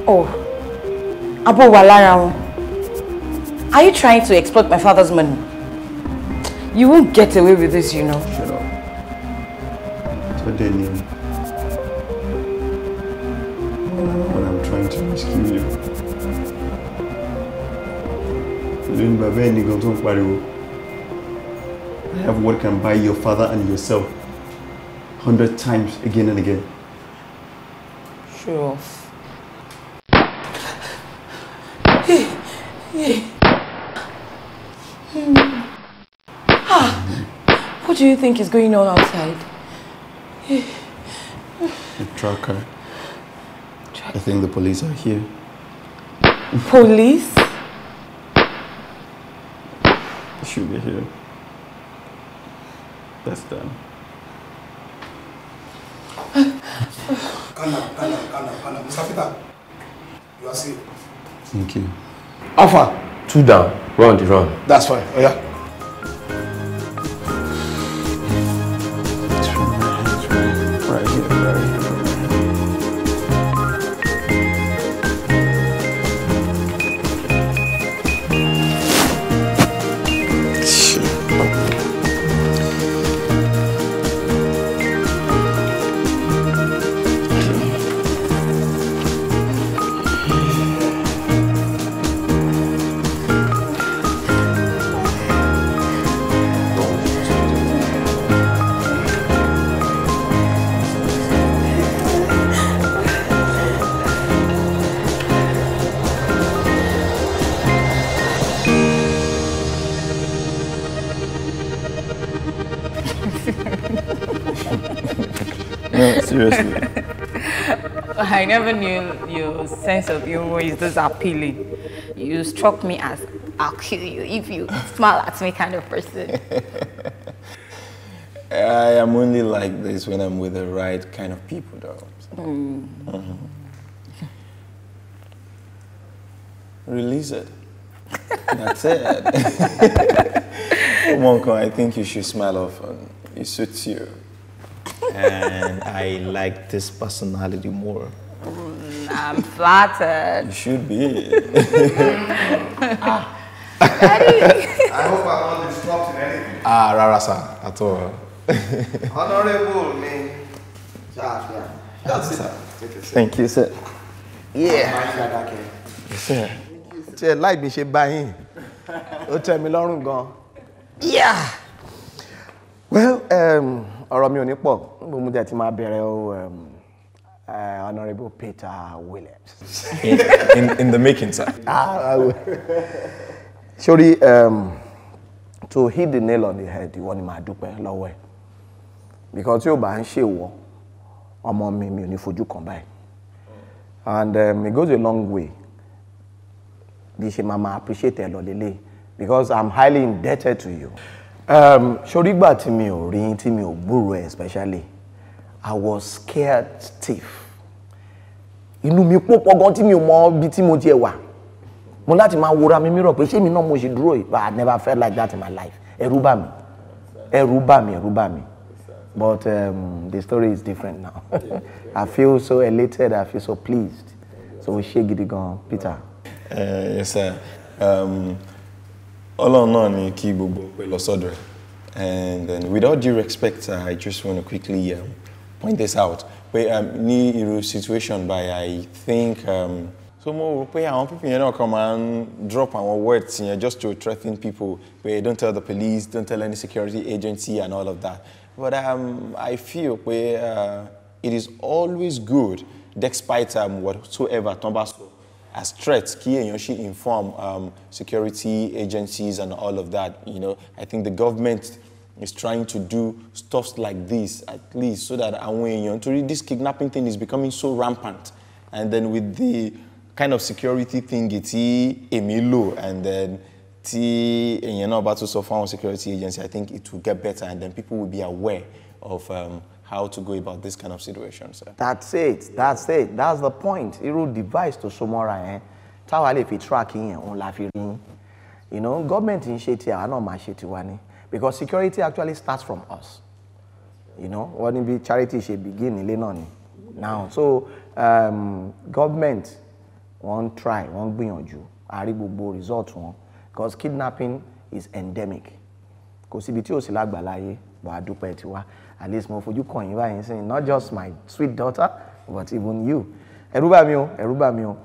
Oh, Abu Walara, are you trying to exploit my father's money? You won't get away with this, you know. Shut up. It's a Oh. I have what can buy your father and yourself hundred times again and again. Show (sighs) off. what do you think is going on outside? A The tracker. I think the police are here. Police? 20 here. That's done. Calm down, calm down, Mr. Peter, you are safe. Thank you. Alpha. Two down. Round, round. That's fine. Oh, yeah. Seriously. (laughs) I never knew your sense of humor is this appealing. You struck me as I'll kill you if you smile at me kind of person. I am only like this when I'm with the right kind of people, though. Mm. Mm -hmm. Release it. That's it. (laughs) Monko, I think you should smile often. It suits you. and I like this personality more. Mm, I'm flattered. You should be. ah. (laughs) I hope I'm not disrupting anything. Ah, rarasa at all. Honorable me. That's it. Thank you, sir. Yeah. Yes, sir. light me bí buy him. yín, ó tẹ́ mi lọ́rùn Yeah. Well, um, ọ̀rọ̀ mi on your pọ̀ bó mo dẹ̀ ti máa bẹ̀rẹ̀ o um, eh, honourable Peter Williams. in, in, in the making sir. (laughs) ah, sori um, to hit the nail on the head ìwọ ni màá dúpẹ́ lọ́wọ́ ẹ̀ because tí o bá ń ṣèwọ ọmọ mi mi ò ní fojú kan báyìí and um, it goes a long way bí ṣe máa máa appreciate ẹ lọ lélẹ̀ because i'm highly indebted to you. Um, sori gbà tí mi ò rí tí mi ò gbúrò ẹ especially I was scared stiff inú mi pọ́pọ́ gan tí mi ò mọ ibi tí mo tiẹ̀ wà mo láti máa wora mi mìíràn pé ṣé mi náà mo ṣe dúró yìí but I never felt like that in my life ẹ̀rù bà mí ẹ̀rù bà mi, ẹ̀rù bà mi. but um, the story is different now (laughs) I feel so elated I feel so pleased so o ṣe gidi gan Peter. Uh, yes sir um, Ọlọ́run náà ni kí gbogbo pé lọ sọ́dọ̀ ẹ and then without due respect sir, I just want to quickly. Um, point this out pé um, ní situation by i think um, so mo rò pé àwọn people yẹn náà kàn máa ń drop àwọn words yẹn just to threaten people pé don't tell the police don't tell any security agency and all of that but um, i feel pé uh, it is always good despite um, whatsoever tán bá sọ as threats Ki èèyàn ṣe inform um, security agencies and all of that you know i think the government is trying to do stuff like this at least so that àwọn èèyàn torí this kidnapping thing is becoming so rampant and then with the kind of security thing tí èmi lò and then tí èèyàn náà bá tún sọ fún àwọn security agency I think it will get better and then people will be aware of um, how to go about this kind of situation. Sir. That's it. That's it. That's the point. Irú device to sumora mọ́ra yẹn táwa lè fi track yẹn òun la fi rí. You know, government ń ṣe tiẹ̀ àwa náà máa ṣe tiwa ni because security actually starts from us you know wọ́n níbi charity ṣe begin nílé náà ni now so um, government wọ́n try wọ́n gbìyànjú àárí gbogbo result wọn because kidnapping is endemic kò síbi tí ò sí lágbàláyé wà á dúpẹ́ tiwa at least mo fojú kàn yín báyìí sí not just my sweet daughter but even you ẹ̀rú bà mí o ẹ̀rú bà mí o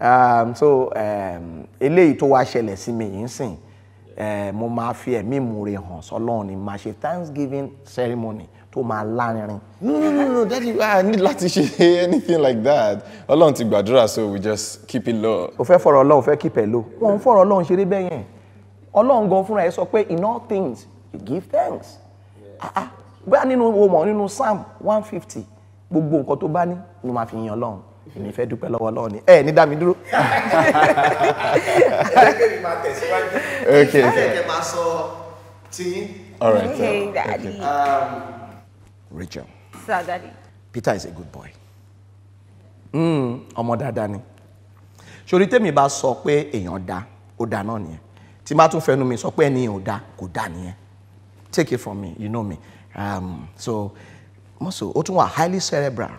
um, so um, eléyìí tó wá ṣẹlẹ̀ sí mi yìí ń eh, mo máa fi ẹ̀mí ìmúre hàn sọ́lọ́run ni màá ṣe thanksgiving ceremony tó máa lárinrin. no no no no daddy i need láti ṣe (laughs) anything like that ọlọ́run ti gbàdúrà so we just keep it low. o fẹ́ fọ̀rọ̀ ọlọ́run fẹ́ keep ẹ̀ low wọ́n ń fọ̀rọ̀ ọlọ́run ṣeré bẹ́ẹ̀ yẹn ọlọ́run gan fúnra ẹ̀ sọ pé in all things you give thanks ah, ah, bóyá nínú o nínú psalm one fifty gbogbo nǹkan tó bá ní ló máa fi yan ọlọ́run èmi fẹ́ dúpẹ́ lọ́wọ́ lọ́wọ́ ni ẹ ní dá mi dúró. ẹgbẹ́ mi máa tẹ̀síwájú máa sọ tiyín. all right hey, um, daddy. Um, Rachel. sir daddy. Peter is a good boy. Hmm, ọmọ dáadáa ni sori tèmi bá sọ pé èèyàn da ó da náà nìyẹn tí má tún fẹnu mi sọ pé ẹni ò da kò da nìyẹn take it from me you know me um, so mọ̀sọ̀ ó tún wà highly cerebral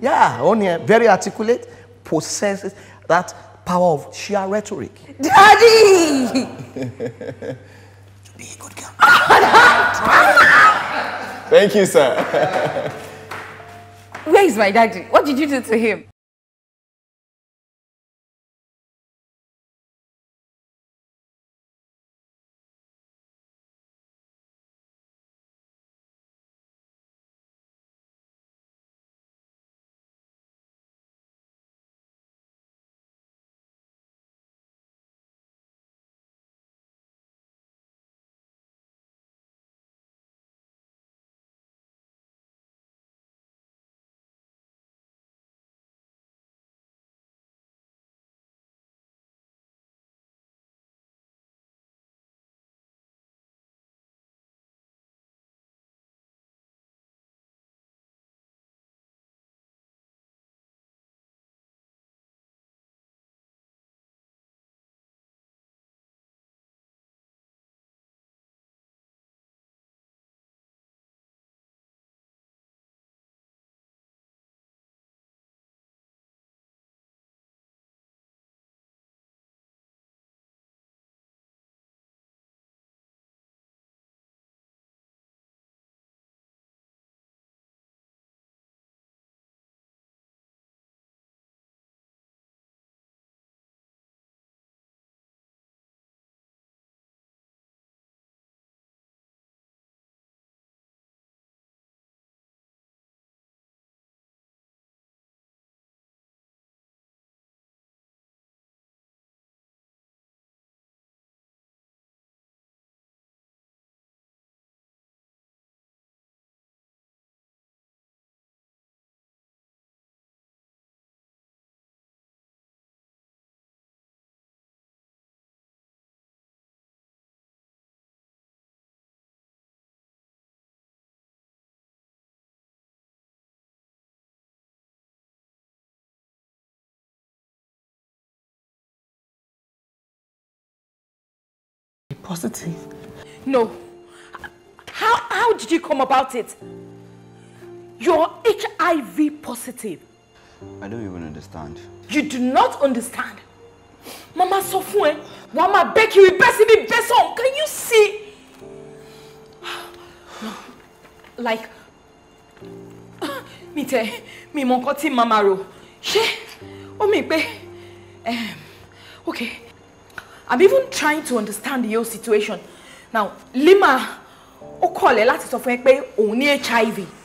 Yeah, Onia, very articulate, possesses that power of sheer rhetoric. Daddy! to be a good girl. Thank you, sir. Where is my daddy? What did you do to him? positive. No. How, how did you come about it? You're HIV positive. I don't even understand. You do not understand? Mama sọ fún ẹ, wọ́n máa bẹ́ kiri bẹ́ can you see? like, mi tẹ, mi mọ nǹkan tí màmá rò, ṣé ó mì um, okay. I'm even trying to understand the whole situation. Now, Lima, o call a lot of ẹ pé HIV.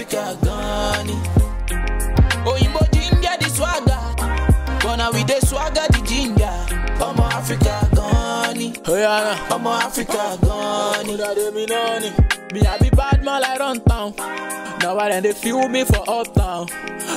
Africa gone. Oyinbo ginger the swagger, gonna with the swagger the ginger. Omo Africa gone. Oyana, Omo Africa gone. Me I be get my light on town. Now I then they feel me for uptown.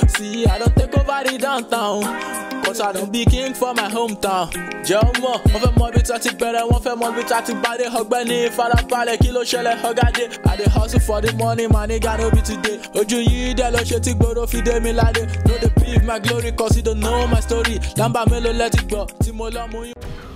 See, I don't take over the downtown. Cause I don't be king for my hometown. Jọ̀wọ́, wọ́n fẹ́ mọ ibi tí a ti bẹ̀rẹ̀, wọ́n fẹ́ mọ ibi tí a ti bàdé. Ọ̀gbẹ́ni ìfarabalẹ̀ kilo ló ṣẹlẹ̀ ọ̀gádé. I dey hustle for the money, my nigga no be today. Ojú yìí dẹ̀ ló ṣe take gbòòrò fi them. mi ládé. know the believe my glory cause you don't know my story. Dáńbà mélòó lẹ́tí gbọ́ tí mo lọ́ mú